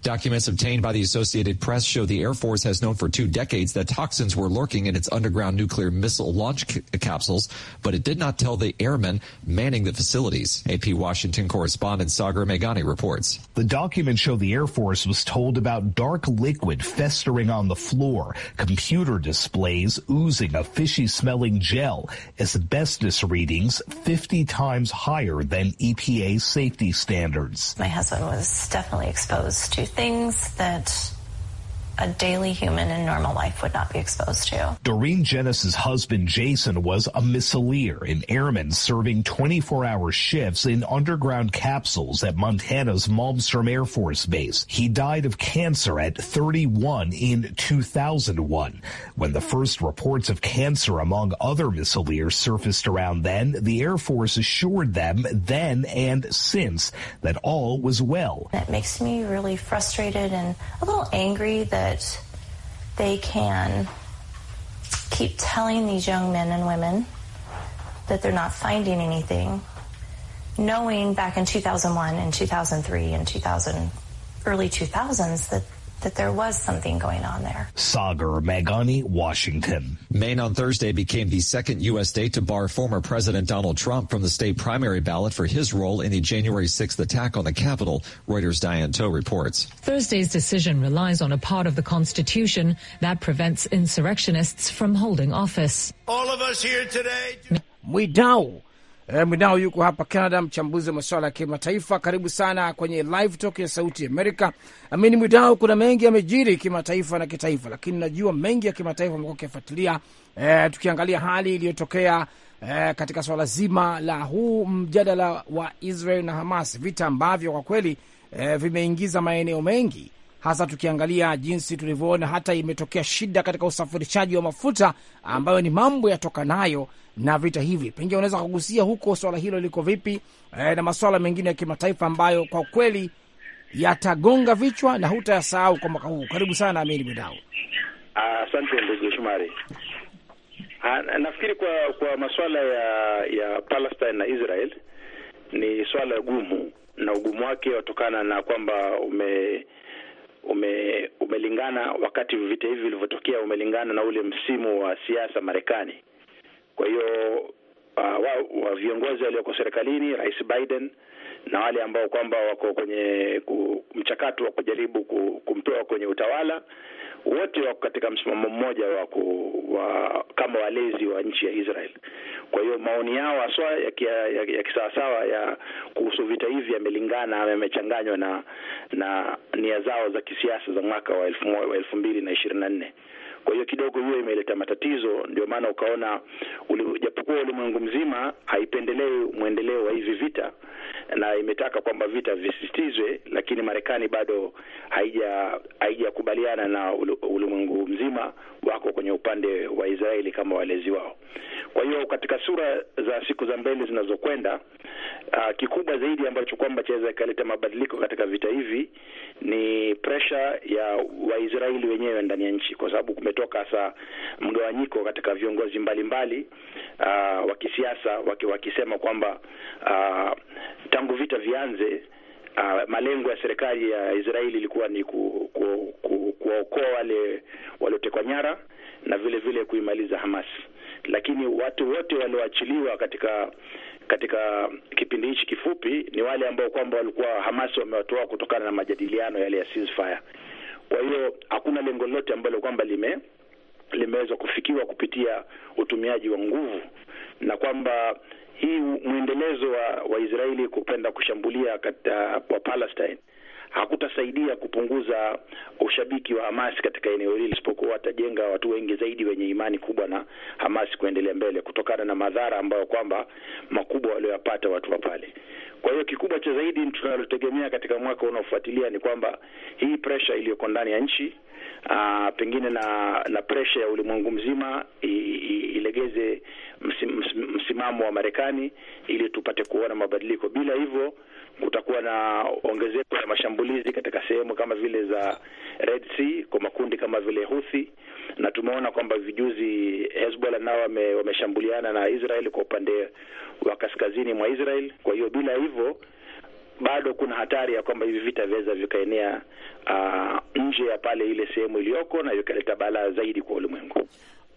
Documents obtained by the Associated Press show the Air Force has known for two decades that toxins were lurking in its underground nuclear missile launch capsules, but it did not tell the airmen manning the facilities. AP Washington correspondent Sagar Meghani reports. The documents show the Air Force was told about dark liquid festering on the floor, computer displays oozing a fishy smelling gel, asbestos readings 50 times higher than EPA safety standards. My husband was definitely exposed to things that a daily human in normal life would not be exposed to. Doreen Jennis's husband Jason was a missileer, an airman serving 24-hour shifts in underground capsules at Montana's Malmstrom Air Force Base. He died of cancer at 31 in 2001. When the first reports of cancer among other missileers surfaced around then, the Air Force assured them then and since that all was well. It makes me really frustrated and a little angry that they can keep telling these young men and women that they're not finding anything, knowing back in 2001 and 2003 and 2000, early 2000s that that there was something going on there. Sagar Magani, Washington. Maine on Thursday became the second U.S. state to bar former President Donald Trump from the state primary ballot for his role in the January 6th attack on the Capitol, Reuters' Diane Toe reports. Thursday's decision relies on a part of the Constitution that prevents insurrectionists from holding office. All of us here today. Do- we do. E, Mwinao yuko hapa Canada, mchambuzi wa masuala ya kimataifa. Karibu sana kwenye live talk ya Sauti Amerika. Amini Mwidao, kuna mengi yamejiri kimataifa na kitaifa, lakini najua mengi ya kimataifa amekuwa ukiyafuatilia. E, eh, tukiangalia hali iliyotokea e, katika swala zima la huu mjadala wa Israel na Hamas, vita ambavyo kwa kweli e, vimeingiza maeneo mengi hasa tukiangalia jinsi tulivyoona hata imetokea shida katika usafirishaji wa mafuta ambayo ni mambo yatokanayo na vita hivi. Pengine unaweza kugusia huko swala hilo liko vipi, e, na maswala mengine ya kimataifa ambayo kwa kweli yatagonga vichwa na hutayasahau kwa mwaka huu. Karibu sana Amini Bidau. Asante uh, ndugu Shumari. Uh, nafikiri kwa kwa masuala ya ya Palestine na Israel ni swala gumu na ugumu wake watokana na kwamba ume ume, umelingana wakati vita hivi vilivyotokea umelingana na ule msimu wa siasa Marekani. Kwa hiyo uh, wa viongozi walioko serikalini, Rais Biden na wale ambao kwamba wako kwenye mchakato wa kujaribu kumtoa kwenye utawala wote wako katika msimamo mmoja wa, kama walezi wa nchi ya Israel. Kwa hiyo maoni yao haswa ya kisawasawa ya kuhusu vita hivi yamelingana, yamechanganywa na na nia zao za kisiasa za mwaka wa elfu mbili na ishirini na nne. Kwa hiyo kidogo hiyo imeleta matatizo, ndio maana ukaona japokuwa ulimwengu mzima haipendelei mwendeleo wa hivi vita na imetaka kwamba vita visitizwe, lakini Marekani bado haija haijakubaliana na ulimwengu mzima, wako kwenye upande wa Israeli kama walezi wao. Kwa hiyo katika sura za siku za mbele zinazokwenda, uh, kikubwa zaidi ambacho kwamba chaweza ikaleta mabadiliko katika vita hivi ni presha ya Waisraeli wenyewe ndani ya nchi, kwa sababu kume kutoka hasa mgawanyiko katika viongozi mbalimbali uh, wa kisiasa waki, wakisema kwamba uh, tangu vita vianze Uh, malengo ya serikali ya Israeli ilikuwa ni ku, ku, ku, kuwaokoa wale waliotekwa nyara na vile vile kuimaliza Hamas, lakini watu wote walioachiliwa katika katika kipindi hichi kifupi ni wale ambao kwamba walikuwa Hamas wamewatoa kutokana na majadiliano yale ya ceasefire. Kwa hiyo hakuna lengo lote ambalo kwamba lime limeweza kufikiwa kupitia utumiaji wa nguvu, na kwamba hii mwendelezo wa, wa Israeli kupenda kushambulia kata, kwa Palestine hakutasaidia kupunguza ushabiki wa Hamas katika eneo hili, isipokuwa watajenga watu wengi zaidi wenye imani kubwa na Hamas kuendelea mbele, kutokana na madhara ambayo kwamba makubwa walioyapata watu wa pale. Kwa hiyo kikubwa cha zaidi tunalotegemea katika mwaka unaofuatilia ni kwamba hii presha iliyoko ndani ya nchi aa, ah, pengine na na presha ya ulimwengu mzima ilegeze msimamo wa Marekani ili tupate kuona mabadiliko. Bila hivyo kutakuwa na ongezeko la mashambulizi katika sehemu kama vile za Red Sea kwa makundi kama vile Houthi, na tumeona kwamba vijuzi Hezbollah nao wameshambuliana na Israel kwa upande wa kaskazini mwa Israel. Kwa hiyo bila hivyo bado kuna hatari ya kwamba hivi vita vyaweza vikaenea uh, nje ya pale ile sehemu iliyoko na vikaleta balaa zaidi kwa ulimwengu.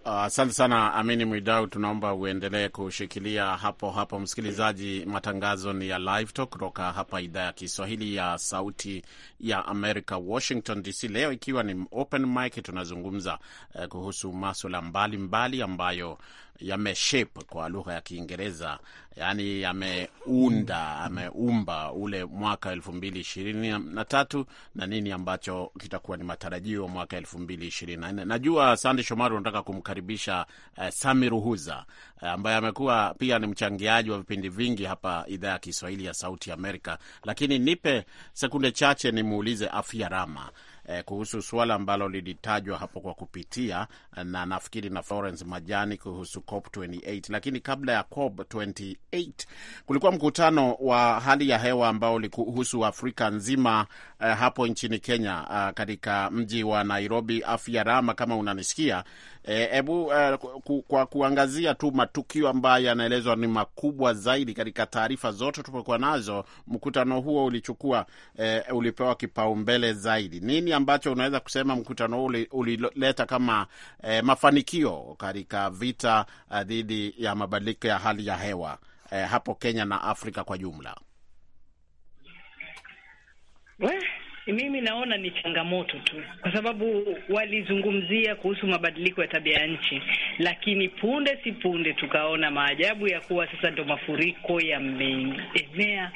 Uh, asante uh, sana Amini Mwidau, tunaomba uendelee kushikilia hapo hapo. Msikilizaji, matangazo ni ya Live Talk kutoka hapa idhaa ya Kiswahili ya Sauti ya Amerika, Washington DC. Leo ikiwa ni open mic, tunazungumza uh, kuhusu maswala mbalimbali ambayo yameshape kwa lugha ya Kiingereza, yaani yameunda, ameumba ule mwaka elfu mbili ishirini na tatu na nini ambacho kitakuwa ni matarajio mwaka elfu mbili ishirini na nne. Najua Sande Shomari unataka kumkaribisha uh, Sami Ruhuza uh, ambaye amekuwa pia ni mchangiaji wa vipindi vingi hapa idhaa ya Kiswahili ya Sauti Amerika, lakini nipe sekunde chache nimuulize Afia Rama eh, kuhusu suala ambalo lilitajwa hapo kwa kupitia eh, na nafikiri na Florence Majani kuhusu COP 28. Lakini kabla ya COP 28 kulikuwa mkutano wa hali ya hewa ambao ulikuhusu Afrika nzima eh, hapo nchini Kenya, eh, katika mji wa Nairobi. Afya Rama, kama unanisikia Eh, hebu e, ku, kwa kuangazia tu matukio ambayo yanaelezwa ni makubwa zaidi katika taarifa zote tupokuwa nazo, mkutano huo ulichukua e, ulipewa kipaumbele zaidi. Nini ambacho unaweza kusema mkutano huo ulileta kama e, mafanikio katika vita dhidi ya mabadiliko ya hali ya hewa e, hapo Kenya na Afrika kwa jumla? Eh, mimi naona ni changamoto tu, kwa sababu walizungumzia kuhusu mabadiliko ya tabia ya nchi, lakini punde si punde tukaona maajabu ya kuwa sasa ndo mafuriko yameenea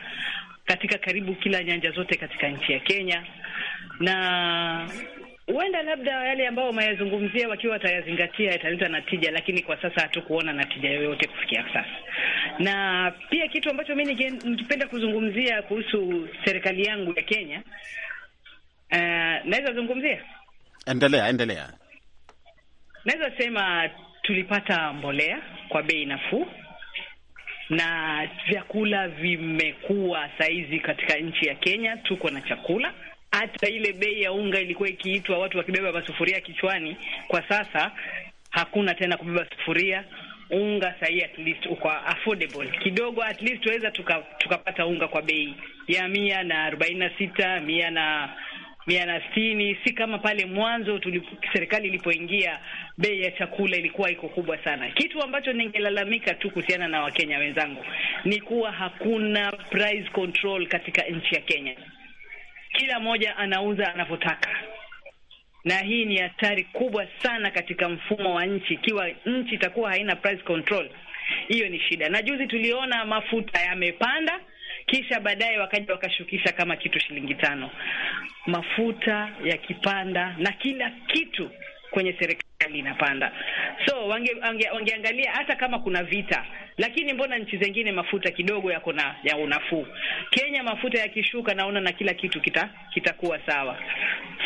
katika karibu kila nyanja zote katika nchi ya Kenya na huenda labda yale ambao wameyazungumzia wakiwa watayazingatia yataleta natija, lakini kwa sasa hatukuona natija yoyote kufikia sasa. Na pia kitu ambacho mi nikipenda kuzungumzia kuhusu serikali yangu ya Kenya Eh, naweza zungumzia, endelea endelea. Naweza sema tulipata mbolea kwa bei nafuu na vyakula vimekuwa saizi katika nchi ya Kenya, tuko na chakula. Hata ile bei ya unga ilikuwa ikiitwa watu wakibeba masufuria kichwani, kwa sasa hakuna tena kubeba sufuria. Unga sahii at least uko affordable kidogo, at least tunaweza tukapata tuka unga kwa bei ya mia na arobaini na sita mia na mia na sitini, si kama pale mwanzo serikali ilipoingia bei ya chakula ilikuwa iko kubwa sana. Kitu ambacho ningelalamika tu kuhusiana na Wakenya wenzangu ni kuwa hakuna price control katika nchi ya Kenya. Kila mmoja anauza anavyotaka, na hii ni hatari kubwa sana katika mfumo wa nchi. Ikiwa nchi itakuwa haina price control, hiyo ni shida. Na juzi tuliona mafuta yamepanda kisha baadaye wakaja wakashukisha kama kitu shilingi tano. Mafuta yakipanda na kila kitu kwenye serikali inapanda. So wange, wange, wangeangalia hata kama kuna vita, lakini mbona nchi zingine mafuta kidogo yako na ya unafuu. Kenya mafuta yakishuka, naona na kila kitu kita kitakuwa sawa.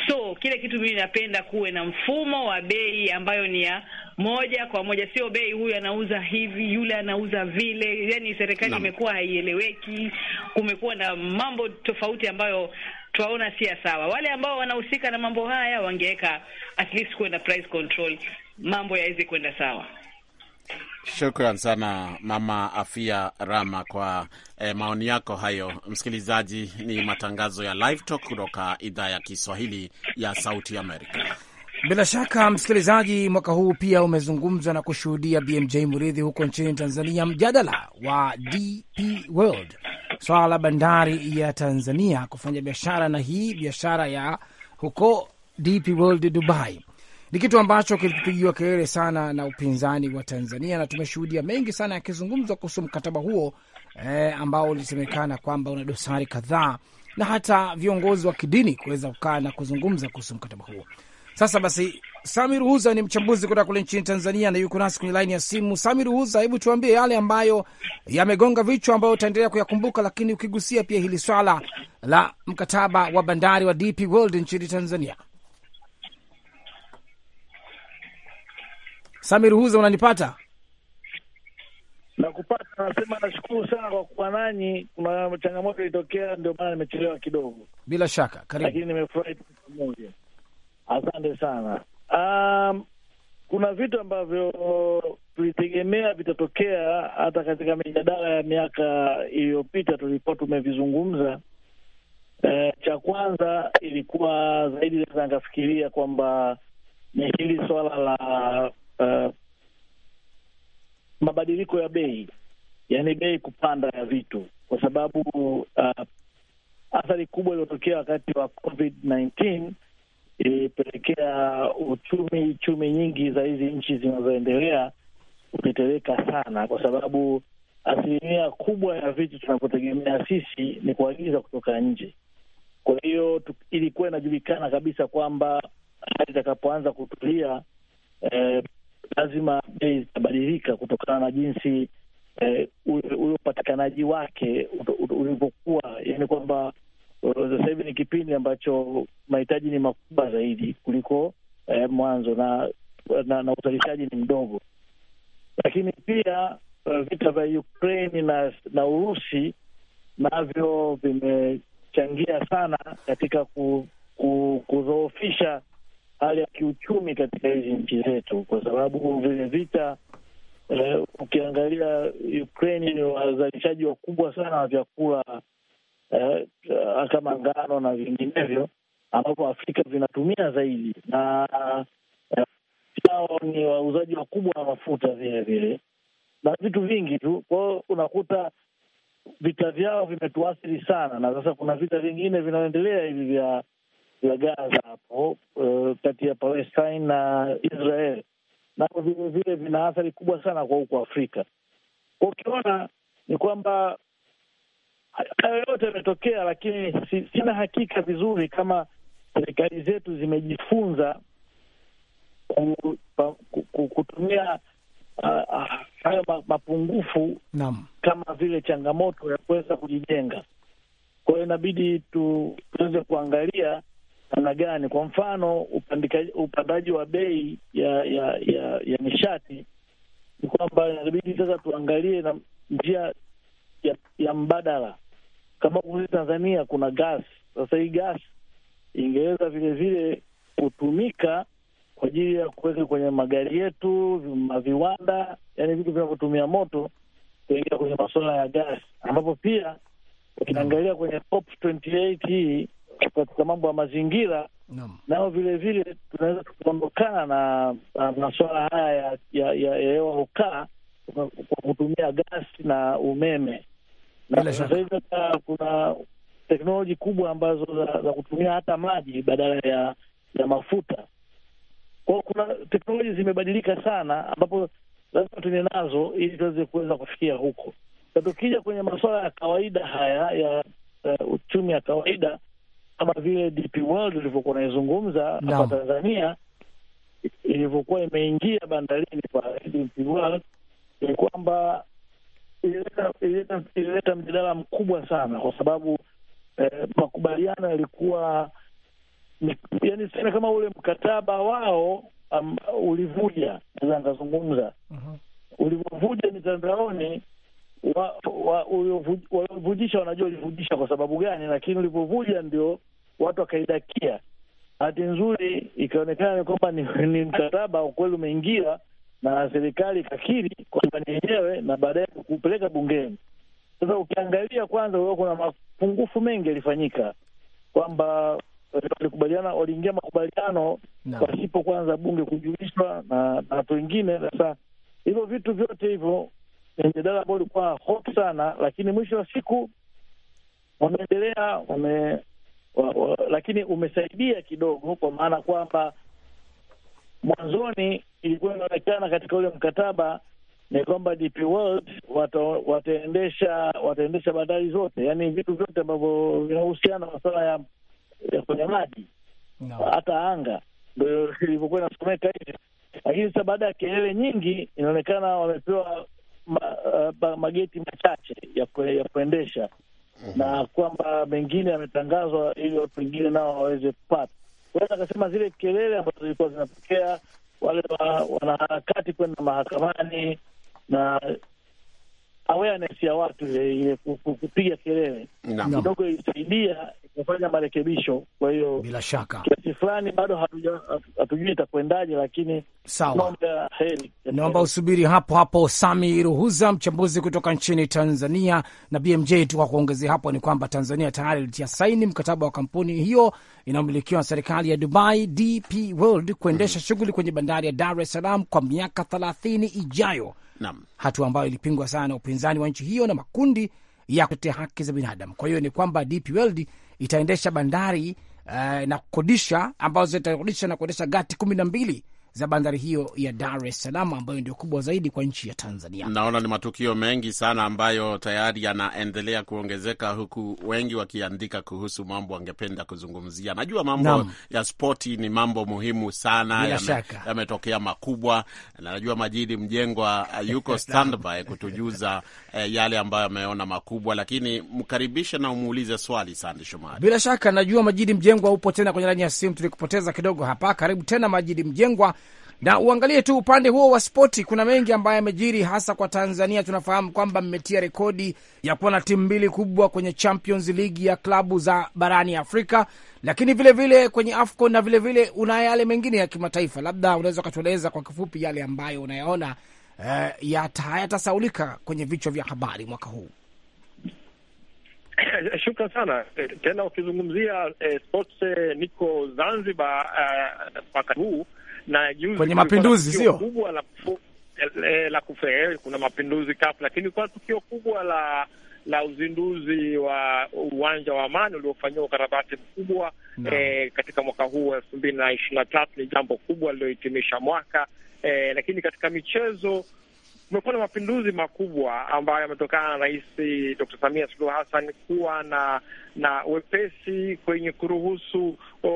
So kile kitu mimi napenda kuwe na mfumo wa bei ambayo ni ya moja kwa moja, sio bei huyu anauza hivi, yule anauza vile. Yani serikali imekuwa haieleweki, kumekuwa na mambo tofauti ambayo twaona si sawa. Wale ambao wanahusika na mambo haya wangeweka at least kuwe na price control, mambo yaweze kwenda sawa. Shukran sana Mama Afia Rama kwa eh, maoni yako hayo. Msikilizaji, ni matangazo ya Live Talk kutoka idhaa ya Kiswahili ya Sauti Amerika. Bila shaka msikilizaji, mwaka huu pia umezungumzwa na kushuhudia BMJ Muridhi huko nchini Tanzania, mjadala wa DP World, swala la bandari ya Tanzania kufanya biashara na hii biashara ya huko DP World Dubai ni kitu ambacho kilipigiwa kelele sana na upinzani wa Tanzania, na tumeshuhudia mengi sana yakizungumzwa kuhusu mkataba huo eh, ambao ulisemekana kwamba una dosari kadhaa na hata viongozi wa kidini kuweza kukaa na kuzungumza kuhusu mkataba huo. Sasa basi, Samir Huza ni mchambuzi kutoka kule nchini Tanzania na yuko nasi kwenye laini ya simu. Samir Huza, hebu tuambie yale ambayo yamegonga vichwa ambayo utaendelea kuyakumbuka, lakini ukigusia pia hili swala la mkataba wa bandari wa DP World nchini Tanzania. Samir Huza, unanipata? Nakupata. Nasema nashukuru sana kwa kuwa nanyi. Kuna changamoto ilitokea, ndio maana nimechelewa kidogo. Bila shaka, karibu, lakini nimefurahi pamoja. Asante sana. Um, kuna vitu ambavyo tulitegemea vitatokea hata katika mijadala ya miaka iliyopita tulikuwa tumevizungumza. E, cha kwanza ilikuwa zaidi naweza nikafikiria kwamba ni hili swala la uh, mabadiliko ya bei, yaani bei kupanda ya vitu, kwa sababu uh, athari kubwa iliyotokea wakati wa COVID-19 ilipelekea uchumi chumi nyingi za hizi nchi zinazoendelea kutetereka sana, kwa sababu asilimia kubwa ya vitu tunavyotegemea sisi ni kuagiza kutoka nje. Kwa hiyo ilikuwa inajulikana kabisa kwamba hali itakapoanza kutulia, eh, lazima bei zitabadilika kutokana na jinsi eh, ule upatikanaji wake ulivyokuwa, yani kwamba sasa hivi ni kipindi ambacho mahitaji ni makubwa zaidi kuliko eh, mwanzo na na, na uzalishaji ni mdogo, lakini pia eh, vita vya Ukraine na, na Urusi navyo vimechangia sana katika ku, ku, kudhoofisha hali ya kiuchumi katika hizi nchi zetu, kwa sababu vile vita eh, ukiangalia Ukraine ni wazalishaji wakubwa sana wa vyakula eh, eh mangano na vinginevyo ambapo Afrika vinatumia zaidi na eh, ao ni wauzaji wakubwa wa mafuta vile vile na vitu vingi tu. kwao unakuta vita vyao vimetuathiri sana, na sasa kuna vita vingine vinaendelea hivi vya vya Gaza hapo uh, kati ya Palestine na Israel nao vile vile vina athari kubwa sana kwa huko Afrika. Ukiona ni kwamba hayo yote yametokea, lakini sina hakika vizuri kama serikali zetu zimejifunza kutumia uh, hayo mapungufu Naam. kama vile changamoto ya kuweza kujijenga. Kwa hiyo inabidi tu, tuweze kuangalia namna gani, kwa mfano upandaji wa bei ya ya ya, ya nishati ni kwamba inabidi sasa tuangalie na njia ya, ya mbadala kama kuzi Tanzania kuna gas. Sasa hii gas ingeweza vilevile kutumika kwa ajili ya kuweka kwenye magari yetu, maviwanda, yani vitu vinavyotumia moto, kuingia kwenye masuala ya gas, ambapo pia ukiangalia kwenye COP 28 hii katika mambo ya mazingira nao vilevile tunaweza tukaondokana na masuala haya ya hewa ya, ya, ya ukaa kwa kutumia gasi na umeme na sasa hivi kuna teknoloji kubwa ambazo za, za kutumia hata maji badala ya ya mafuta. Kwa kuna teknoloji zimebadilika sana, ambapo lazima tuende nazo ili tuweze kuweza kufikia huko. Na tukija kwenye masuala ya kawaida haya ya uh, uchumi ya kawaida kama vile DP World ilivyokuwa unaizungumza no. hapa Tanzania ilivyokuwa imeingia bandarini kwa DP World ni kwamba ilileta mjadala mkubwa sana kwa sababu eh, makubaliano yalikuwa yani sema kama ule mkataba wao um, ulivuja, naweza nikazungumza mhm. ulivyovuja mitandaoni waliovujisha wanajua ulivujisha kwa sababu gani, lakini ulivyovuja ndio watu wakaidakia. Bahati nzuri ikaonekana ni kwamba ni, ni mkataba ukweli umeingia na serikali ikakiri kwa imani yenyewe na baadaye kupeleka bungeni. Sasa ukiangalia kwanza, kuna mapungufu mengi yalifanyika, kwamba walikubaliana, waliingia makubaliano pasipo kwanza bunge kujulishwa na watu wengine. Sasa hivyo vitu vyote hivyo ni mjadala ambao ulikuwa hot sana, lakini mwisho wa siku wameendelea wame, wa, wa, lakini umesaidia kidogo, kwa maana kwamba mwanzoni ilikuwa inaonekana katika ule mkataba ni kwamba DP World wataendesha wataendesha bandari zote, yani vitu vyote ambavyo vinahusiana masuala ya ya kwenye maji hata no. anga, ndo ilivyokuwa inasukumeka hivyo, Lakini sasa baada ya kelele nyingi, inaonekana wamepewa ma, uh, mageti machache ya kuendesha mm -hmm. na kwamba mengine yametangazwa ili watu wengine nao waweze kupata. akasema zile kelele ambazo zilikuwa zinatokea wale wanaharakati kwenda mahakamani na awareness ya watu eh, ile kupiga kelele kidogo isaidia kufanya marekebisho. Kwa hiyo bila shaka kiasi fulani bado hatujui itakwendaje, lakini sawa, naomba usubiri hapo hapo. Sami Ruhuza, mchambuzi kutoka nchini Tanzania. Na BMJ tu kwa kuongezea hapo ni kwamba Tanzania tayari ilitia saini mkataba wa kampuni hiyo inayomilikiwa na serikali ya Dubai, DP World, kuendesha shughuli kwenye bandari ya Dar es Salaam kwa miaka thelathini ijayo. Naam. Hatua ambayo ilipingwa sana na upinzani wa nchi hiyo na makundi ya kutetea haki za binadamu. Kwa hiyo ni kwamba DP World itaendesha bandari uh, na kukodisha ambazo zitakodisha na kuendesha gati kumi na mbili za bandari hiyo ya Dar es Salaam ambayo ndio kubwa zaidi kwa nchi ya Tanzania. Naona ni matukio mengi sana ambayo tayari yanaendelea kuongezeka, huku wengi wakiandika kuhusu mambo wangependa kuzungumzia. Najua mambo Nam. ya spoti ni mambo muhimu sana, yametokea ya makubwa, na najua Majidi Mjengwa [LAUGHS] yuko standby kutujuza eh, yale ambayo ameona makubwa, lakini mkaribishe na umuulize swali sande Shomari. Bila shaka najua Majidi Mjengwa upo tena kwenye laini ya simu, tulikupoteza kidogo hapa. Karibu tena Majidi Mjengwa na uangalie tu upande huo wa spoti, kuna mengi ambayo yamejiri, hasa kwa Tanzania. Tunafahamu kwamba mmetia rekodi ya kuwa na timu mbili kubwa kwenye Champions League ya klabu za barani Afrika, lakini vilevile vile kwenye AFCON na vilevile una yale mengine ya kimataifa. Labda unaweza ukatueleza kwa kifupi yale ambayo unayaona eh, yatasaulika kwenye vichwa vya habari mwaka huu? [CLEARS THROAT] Shukran sana eh, tena. Ukizungumzia eh, sports eh, niko Zanzibar eh, huu na juzi kwenye mapinduzi sio kubwa la, la, la kufe, kuna mapinduzi kafu, lakini kwa tukio kubwa la la uzinduzi wa uwanja wa Amani uliofanyiwa ukarabati mkubwa no. eh, katika mwaka huu elfu mbili na ishirini na tatu ni jambo kubwa lililohitimisha mwaka eh, lakini katika michezo kumekuwa na mapinduzi makubwa ambayo yametokana na Rais Dr. Samia Suluhu Hassan kuwa na na wepesi kwenye kuruhusu o,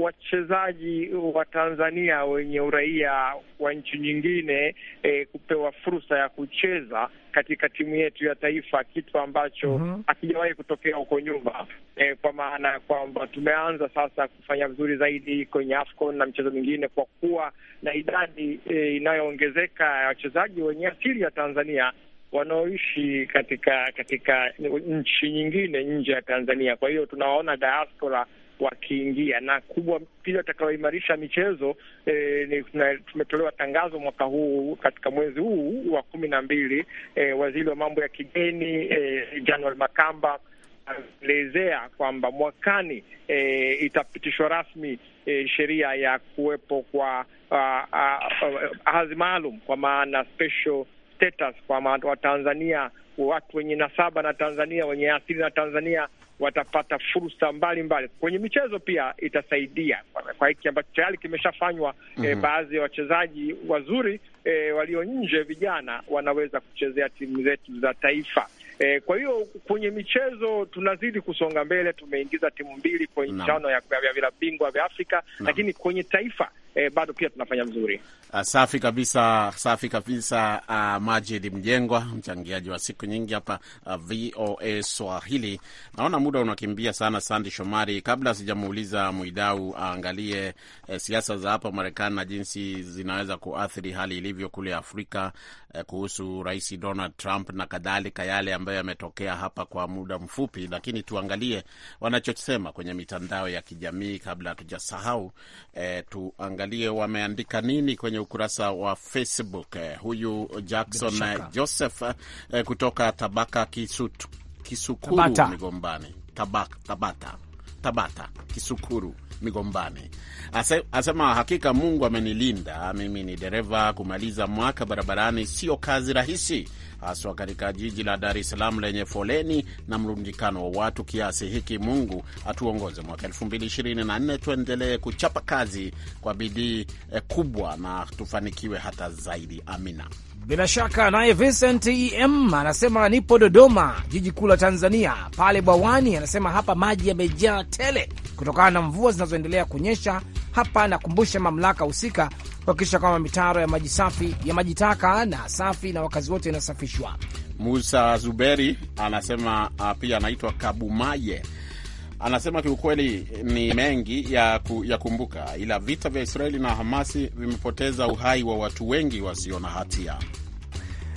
wachezaji wa Tanzania wenye uraia wa nchi nyingine e, kupewa fursa ya kucheza katika timu yetu ya taifa, kitu ambacho mm -hmm. kutokea huko nyuma e, kwa maana ya kwamba tumeanza sasa kufanya vizuri zaidi kwenye AFCON na mchezo mingine, kwa kuwa na idadi e, inayoongezeka ya wachezaji wenye asili ya Tanzania wanaoishi katika katika nchi nyingine nje ya Tanzania. Kwa hiyo tunawaona diaspora wakiingia na kubwa pia atakayoimarisha michezo e, ni tumetolewa tangazo mwaka huu katika mwezi huu wa kumi na mbili e, waziri wa mambo ya kigeni e, January Makamba alielezea kwamba mwakani e, itapitishwa rasmi e, sheria ya kuwepo kwa hadhi maalum kwa maana special status kwamba Watanzania, watu wenye nasaba na Tanzania, wenye asili na Tanzania watapata fursa mbalimbali kwenye michezo. Pia itasaidia kwa hiki ambacho tayari kimeshafanywa. mm -hmm. E, baadhi ya wachezaji wazuri e, walio nje, vijana wanaweza kuchezea timu zetu za taifa. E, kwa hiyo kwenye michezo tunazidi kusonga mbele. Tumeingiza timu mbili kwenye michano ya, ya vilabu bingwa vya Afrika, no. lakini kwenye taifa e, bado pia tunafanya vizuri. Ah, safi kabisa, safi kabisa. Uh, Majid Mjengwa, mchangiaji wa siku nyingi hapa uh, ah, VOA Swahili. Naona muda unakimbia sana, Sandi Shomari. Kabla sijamuuliza Mwidau aangalie uh, uh, siasa za hapa Marekani na jinsi zinaweza kuathiri hali ilivyo kule Afrika uh, kuhusu Rais Donald Trump na kadhalika, yale ambayo yametokea hapa kwa muda mfupi, lakini tuangalie wanachosema kwenye mitandao ya kijamii kabla hatujasahau uh, tuangalie waangalie wameandika nini kwenye ukurasa wa Facebook. Eh, huyu Jackson eh, Joseph eh, kutoka Tabaka Kisut, Kisukuru Tabata. Migombani Tabak, Tabata Tabata Kisukuru migombani. Asema hakika Mungu amenilinda mimi ni dereva. Kumaliza mwaka barabarani sio kazi rahisi, haswa katika jiji la Dar es Salaam lenye foleni na mrundikano wa watu kiasi hiki. Mungu atuongoze mwaka 2024 tuendelee kuchapa kazi kwa bidii eh, kubwa na tufanikiwe hata zaidi. Amina. Bila shaka naye Vincent em anasema nipo Dodoma, jiji kuu la Tanzania, pale bwawani. Anasema hapa maji yamejaa tele kutokana na mvua zinazoendelea kunyesha hapa. nakumbusha mamlaka husika kuhakikisha kwamba mitaro ya maji safi ya maji taka na safi na wakazi wote inasafishwa. Musa Zuberi anasema ah, pia anaitwa Kabumaye Anasema kiukweli ni mengi ya kumbuka, ila vita vya Israeli na Hamasi vimepoteza uhai wa watu wengi wasio na hatia.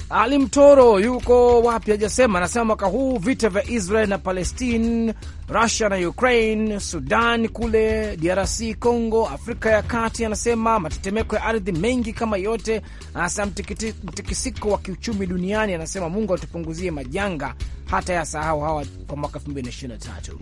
Ali Mtoro yuko wapi? Hajasema. Anasema mwaka huu vita vya Israel na Palestine Rusia na Ukraine, Sudan kule DRC Congo, Afrika ya Kati. Anasema matetemeko ya ardhi mengi kama yote, anasema mtikisiko wa kiuchumi duniani. Anasema Mungu atupunguzie majanga hata ya sahau hawa kwa mwaka 2023.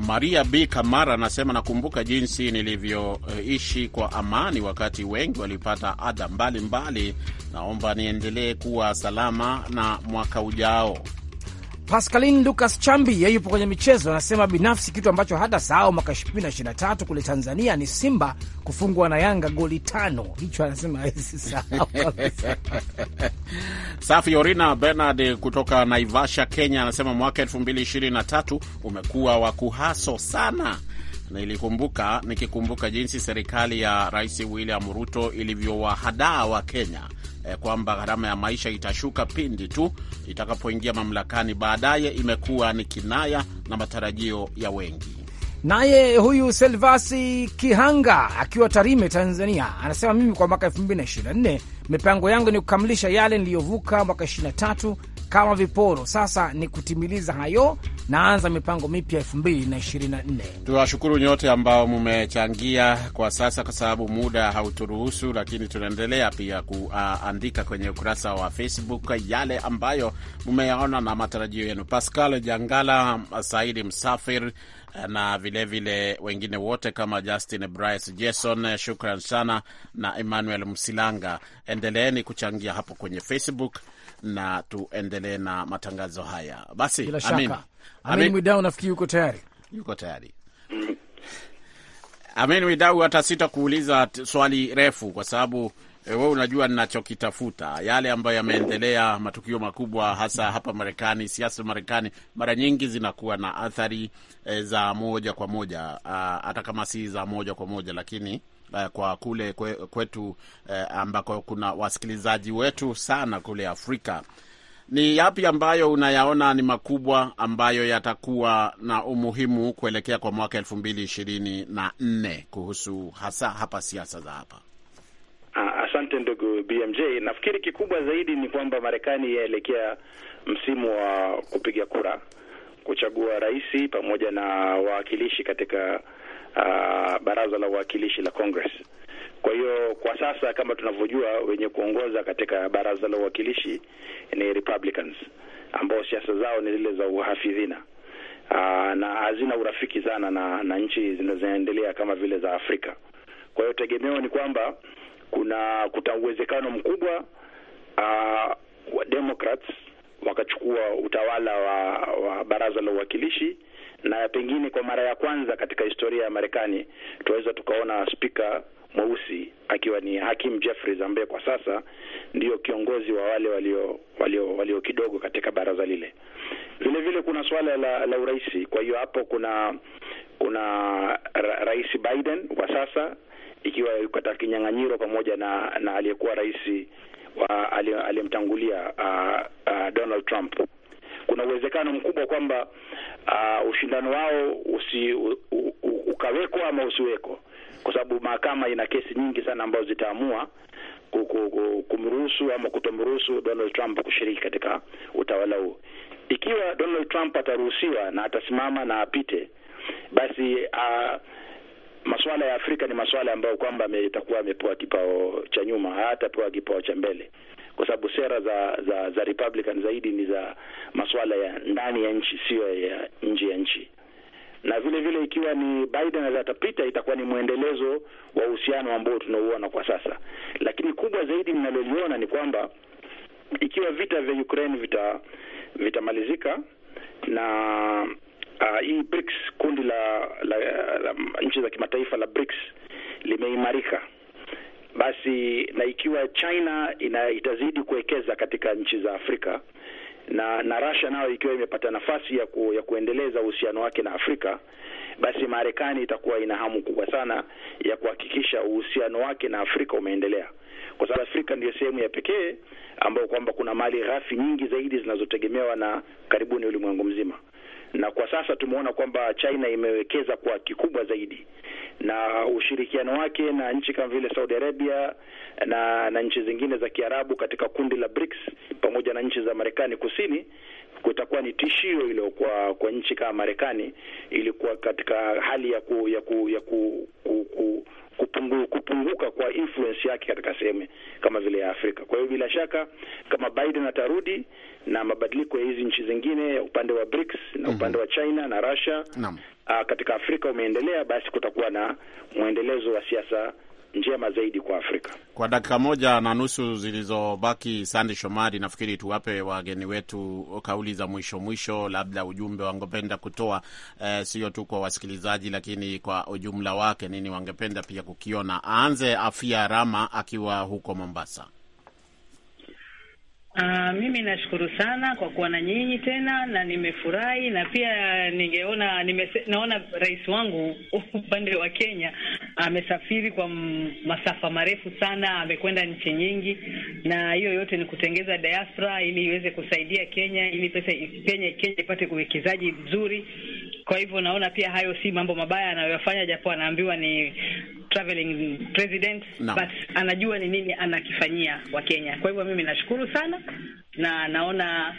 Maria B Kamara anasema nakumbuka jinsi nilivyoishi kwa amani wakati wengi walipata adha mbalimbali. Naomba niendelee kuwa salama na mwaka ujao. Pascalin Lucas Chambi yupo kwenye michezo, anasema binafsi kitu ambacho hata sahau mwaka 2023 kule Tanzania ni Simba kufungwa na Yanga goli tano, hicho anasema hawezi sahau. [LAUGHS] Safi. Orina Bernard kutoka Naivasha, Kenya, anasema mwaka 2023 umekuwa wa kuhaso sana nilikumbuka nikikumbuka jinsi serikali ya Rais William Ruto ilivyowahadaa wa Kenya eh, kwamba gharama ya maisha itashuka pindi tu itakapoingia mamlakani. Baadaye imekuwa ni kinaya na matarajio ya wengi. Naye huyu Selvasi Kihanga akiwa Tarime, Tanzania, anasema mimi kwa mwaka 224 mipango yangu ni kukamilisha yale niliyovuka mwaka 23 kama viporo. Sasa ni kutimiliza hayo, naanza mipango mipya nne. Tunawashukuru nyote ambao mmechangia kwa sasa, kwa sababu muda hauturuhusu, lakini tunaendelea pia kuandika kwenye ukurasa wa Facebook yale ambayo mmeyaona na matarajio yenu. Pascal Jangala, Saidi Msafir na vilevile vile wengine wote kama Justin Brice Jason, shukran sana na Emmanuel Msilanga. Endeleeni kuchangia hapo kwenye Facebook na tuendelee na matangazo haya. Basi bila shaka, Amin Mwidau nafikiri yuko tayari, yuko tayari. Amin Mwidau, hata kuuliza swali refu kwa sababu eh, we unajua ninachokitafuta, yale ambayo yameendelea, matukio makubwa hasa hapa Marekani. Siasa Marekani mara nyingi zinakuwa na athari eh, za moja kwa moja, ah, hata kama si za moja kwa moja, lakini Eh, kwa kule kwe, kwetu eh, ambako kuna wasikilizaji wetu sana kule Afrika, ni yapi ambayo unayaona ni makubwa ambayo yatakuwa na umuhimu kuelekea kwa mwaka elfu mbili ishirini na nne kuhusu hasa hapa siasa za hapa? Ah, asante ndugu BMJ. Nafikiri kikubwa zaidi ni kwamba Marekani yaelekea msimu wa kupiga kura kuchagua rais pamoja na wawakilishi katika uh, baraza la uwakilishi la Congress. Kwa hiyo kwa sasa kama tunavyojua, wenye kuongoza katika baraza la uwakilishi ni Republicans ambao siasa zao ni zile za uhafidhina uh, na hazina urafiki sana na, na nchi zinazoendelea kama vile za Afrika. Kwa hiyo tegemeo ni kwamba kuna kuta uwezekano mkubwa uh, wa Democrats wakachukua utawala wa, wa baraza la uwakilishi na pengine kwa mara ya kwanza katika historia ya Marekani tunaweza tukaona spika mweusi akiwa ni Hakim Jeffries ambaye kwa sasa ndiyo kiongozi wa wale walio walio walio kidogo katika baraza lile. Vile vile kuna suala la, la uraisi. Kwa hiyo hapo kuna kuna ra, rais Biden kwa sasa ikiwa katika kinyang'anyiro pamoja na na aliyekuwa rais aliyemtangulia uh, uh, Donald Trump kuna uwezekano mkubwa kwamba uh, ushindano wao usi, u, u, ukawekwa ama usiweko, kwa sababu mahakama ina kesi nyingi sana ambazo zitaamua kumruhusu ama kutomruhusu Donald Trump kushiriki katika utawala huo. Ikiwa Donald Trump ataruhusiwa na atasimama na apite, basi uh, masuala ya Afrika ni masuala ambayo kwamba itakuwa amepewa kipao cha nyuma, hatapewa kipao cha mbele kwa sababu sera za za za Republican zaidi ni za masuala ya ndani ya nchi, sio ya nje ya nchi. Na vile vile ikiwa ni Biden atapita, itakuwa ni mwendelezo wa uhusiano ambao tunauona kwa sasa, lakini kubwa zaidi ninaloliona ni kwamba ikiwa vita vya Ukraine vita vitamalizika na uh, hii BRICS kundi la, la, la, la nchi za kimataifa la BRICS limeimarika basi na ikiwa China ina, itazidi kuwekeza katika nchi za Afrika na na Russia nayo ikiwa imepata nafasi ya, ku, ya kuendeleza uhusiano wake na Afrika, basi Marekani itakuwa ina hamu kubwa sana ya kuhakikisha uhusiano wake na Afrika umeendelea, kwa sababu Afrika ndiyo sehemu ya pekee ambayo kwamba kuna mali ghafi nyingi zaidi zinazotegemewa na karibuni ulimwengu mzima na kwa sasa tumeona kwamba China imewekeza kwa kikubwa zaidi na ushirikiano wake na nchi kama vile Saudi Arabia na na nchi zingine za Kiarabu katika kundi la BRICS pamoja na nchi za Marekani Kusini kutakuwa ni tishio hilo kwa kwa nchi kama Marekani, ilikuwa katika hali ya ku, ya ku, ya ku, ku, ku kupungu, kupunguka kwa influence yake katika sehemu kama vile ya Afrika. Kwa hiyo bila shaka kama Biden atarudi na mabadiliko ya hizi nchi zingine upande wa BRICS na mhm. upande mm -hmm. wa China na Russia, naam, ah, katika Afrika umeendelea, basi kutakuwa na mwendelezo wa siasa njema zaidi kwa Afrika. Kwa dakika moja na nusu zilizobaki, Sande Shomari, nafikiri tuwape wageni wetu kauli za mwisho mwisho, labda ujumbe wangependa kutoa eh, sio tu kwa wasikilizaji, lakini kwa ujumla wake, nini wangependa pia kukiona. Aanze Afia Rama akiwa huko Mombasa. Uh, mimi nashukuru sana kwa kuwa na nyinyi tena na nimefurahi, na pia ningeona naona rais wangu [LAUGHS] upande wa Kenya amesafiri kwa masafa marefu sana, amekwenda nchi nyingi, na hiyo yote ni kutengeza diaspora ili iweze kusaidia Kenya ili pesa Kenya Kenya ipate uwekezaji mzuri. Kwa hivyo naona pia hayo si mambo mabaya anayoyafanya, japo anaambiwa ni traveling president no, but anajua ni nini anakifanyia wa kenya Kwa hivyo mimi nashukuru sana na naona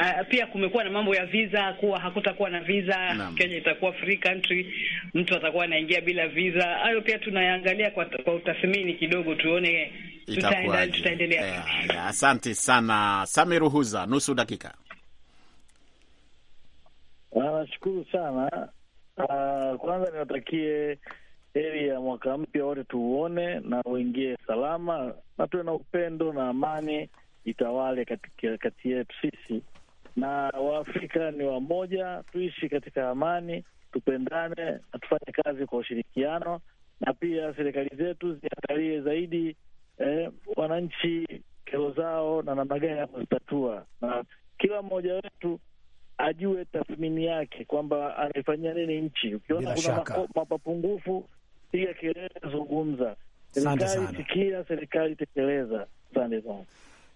Uh, pia kumekuwa na mambo ya visa kuwa hakutakuwa na visa Naam. Kenya itakuwa free country, mtu atakuwa anaingia bila visa. Hayo pia tunayaangalia kwa, kwa utathmini kidogo, tuone tutaendelea. Yeah, asante sana Sami Ruhuza, nusu dakika. Ah, nashukuru sana uh, kwanza niwatakie heri ya mwaka mpya wote, tuuone na uingie salama na tuwe na upendo na amani itawale kati yetu sisi, na Waafrika ni wamoja, tuishi katika amani, tupendane na tufanye kazi kwa ushirikiano, na pia serikali zetu ziangalie zaidi eh, wananchi kero zao na namna gani ya kuzitatua, na kila mmoja wetu ajue tathmini yake kwamba anaifanyia nini nchi. Ukiona kuna mapungufu, piga kelele, zungumza. Serikali sikia, serikali tekeleza. Asante sana.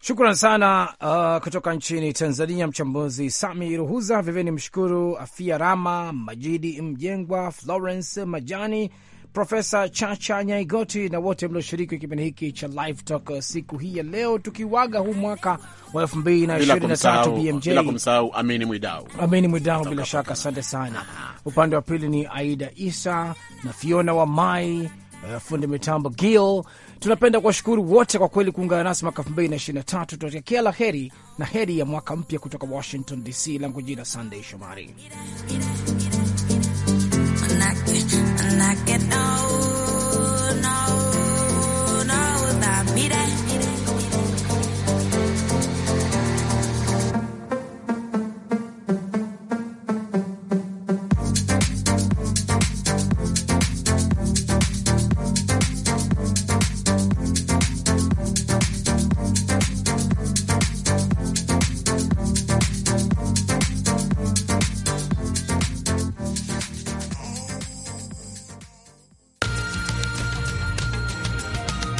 Shukran sana uh, kutoka nchini Tanzania, mchambuzi Sami Ruhuza. Vivyo ni mshukuru Afia Rama, Majidi Mjengwa, Florence Majani, Profesa Chacha Nyaigoti na wote mlioshiriki kipindi hiki cha Live Talk siku hii ya leo, tukiwaga huu mwaka wa elfu mbili na ishirini na tatu. BMJ bila kumsahau Amini Mwidau, Amini Mwidau bila shaka, asante sana. Upande wa pili ni Aida Isa na Fiona wa Mai uh, fundi mitambo Gil. Tunapenda kuwashukuru wote kwa kweli kuungana nasi mwaka 2023. Tunatakia la heri na heri ya mwaka mpya kutoka Washington DC. Langu jina Sunday Shomari.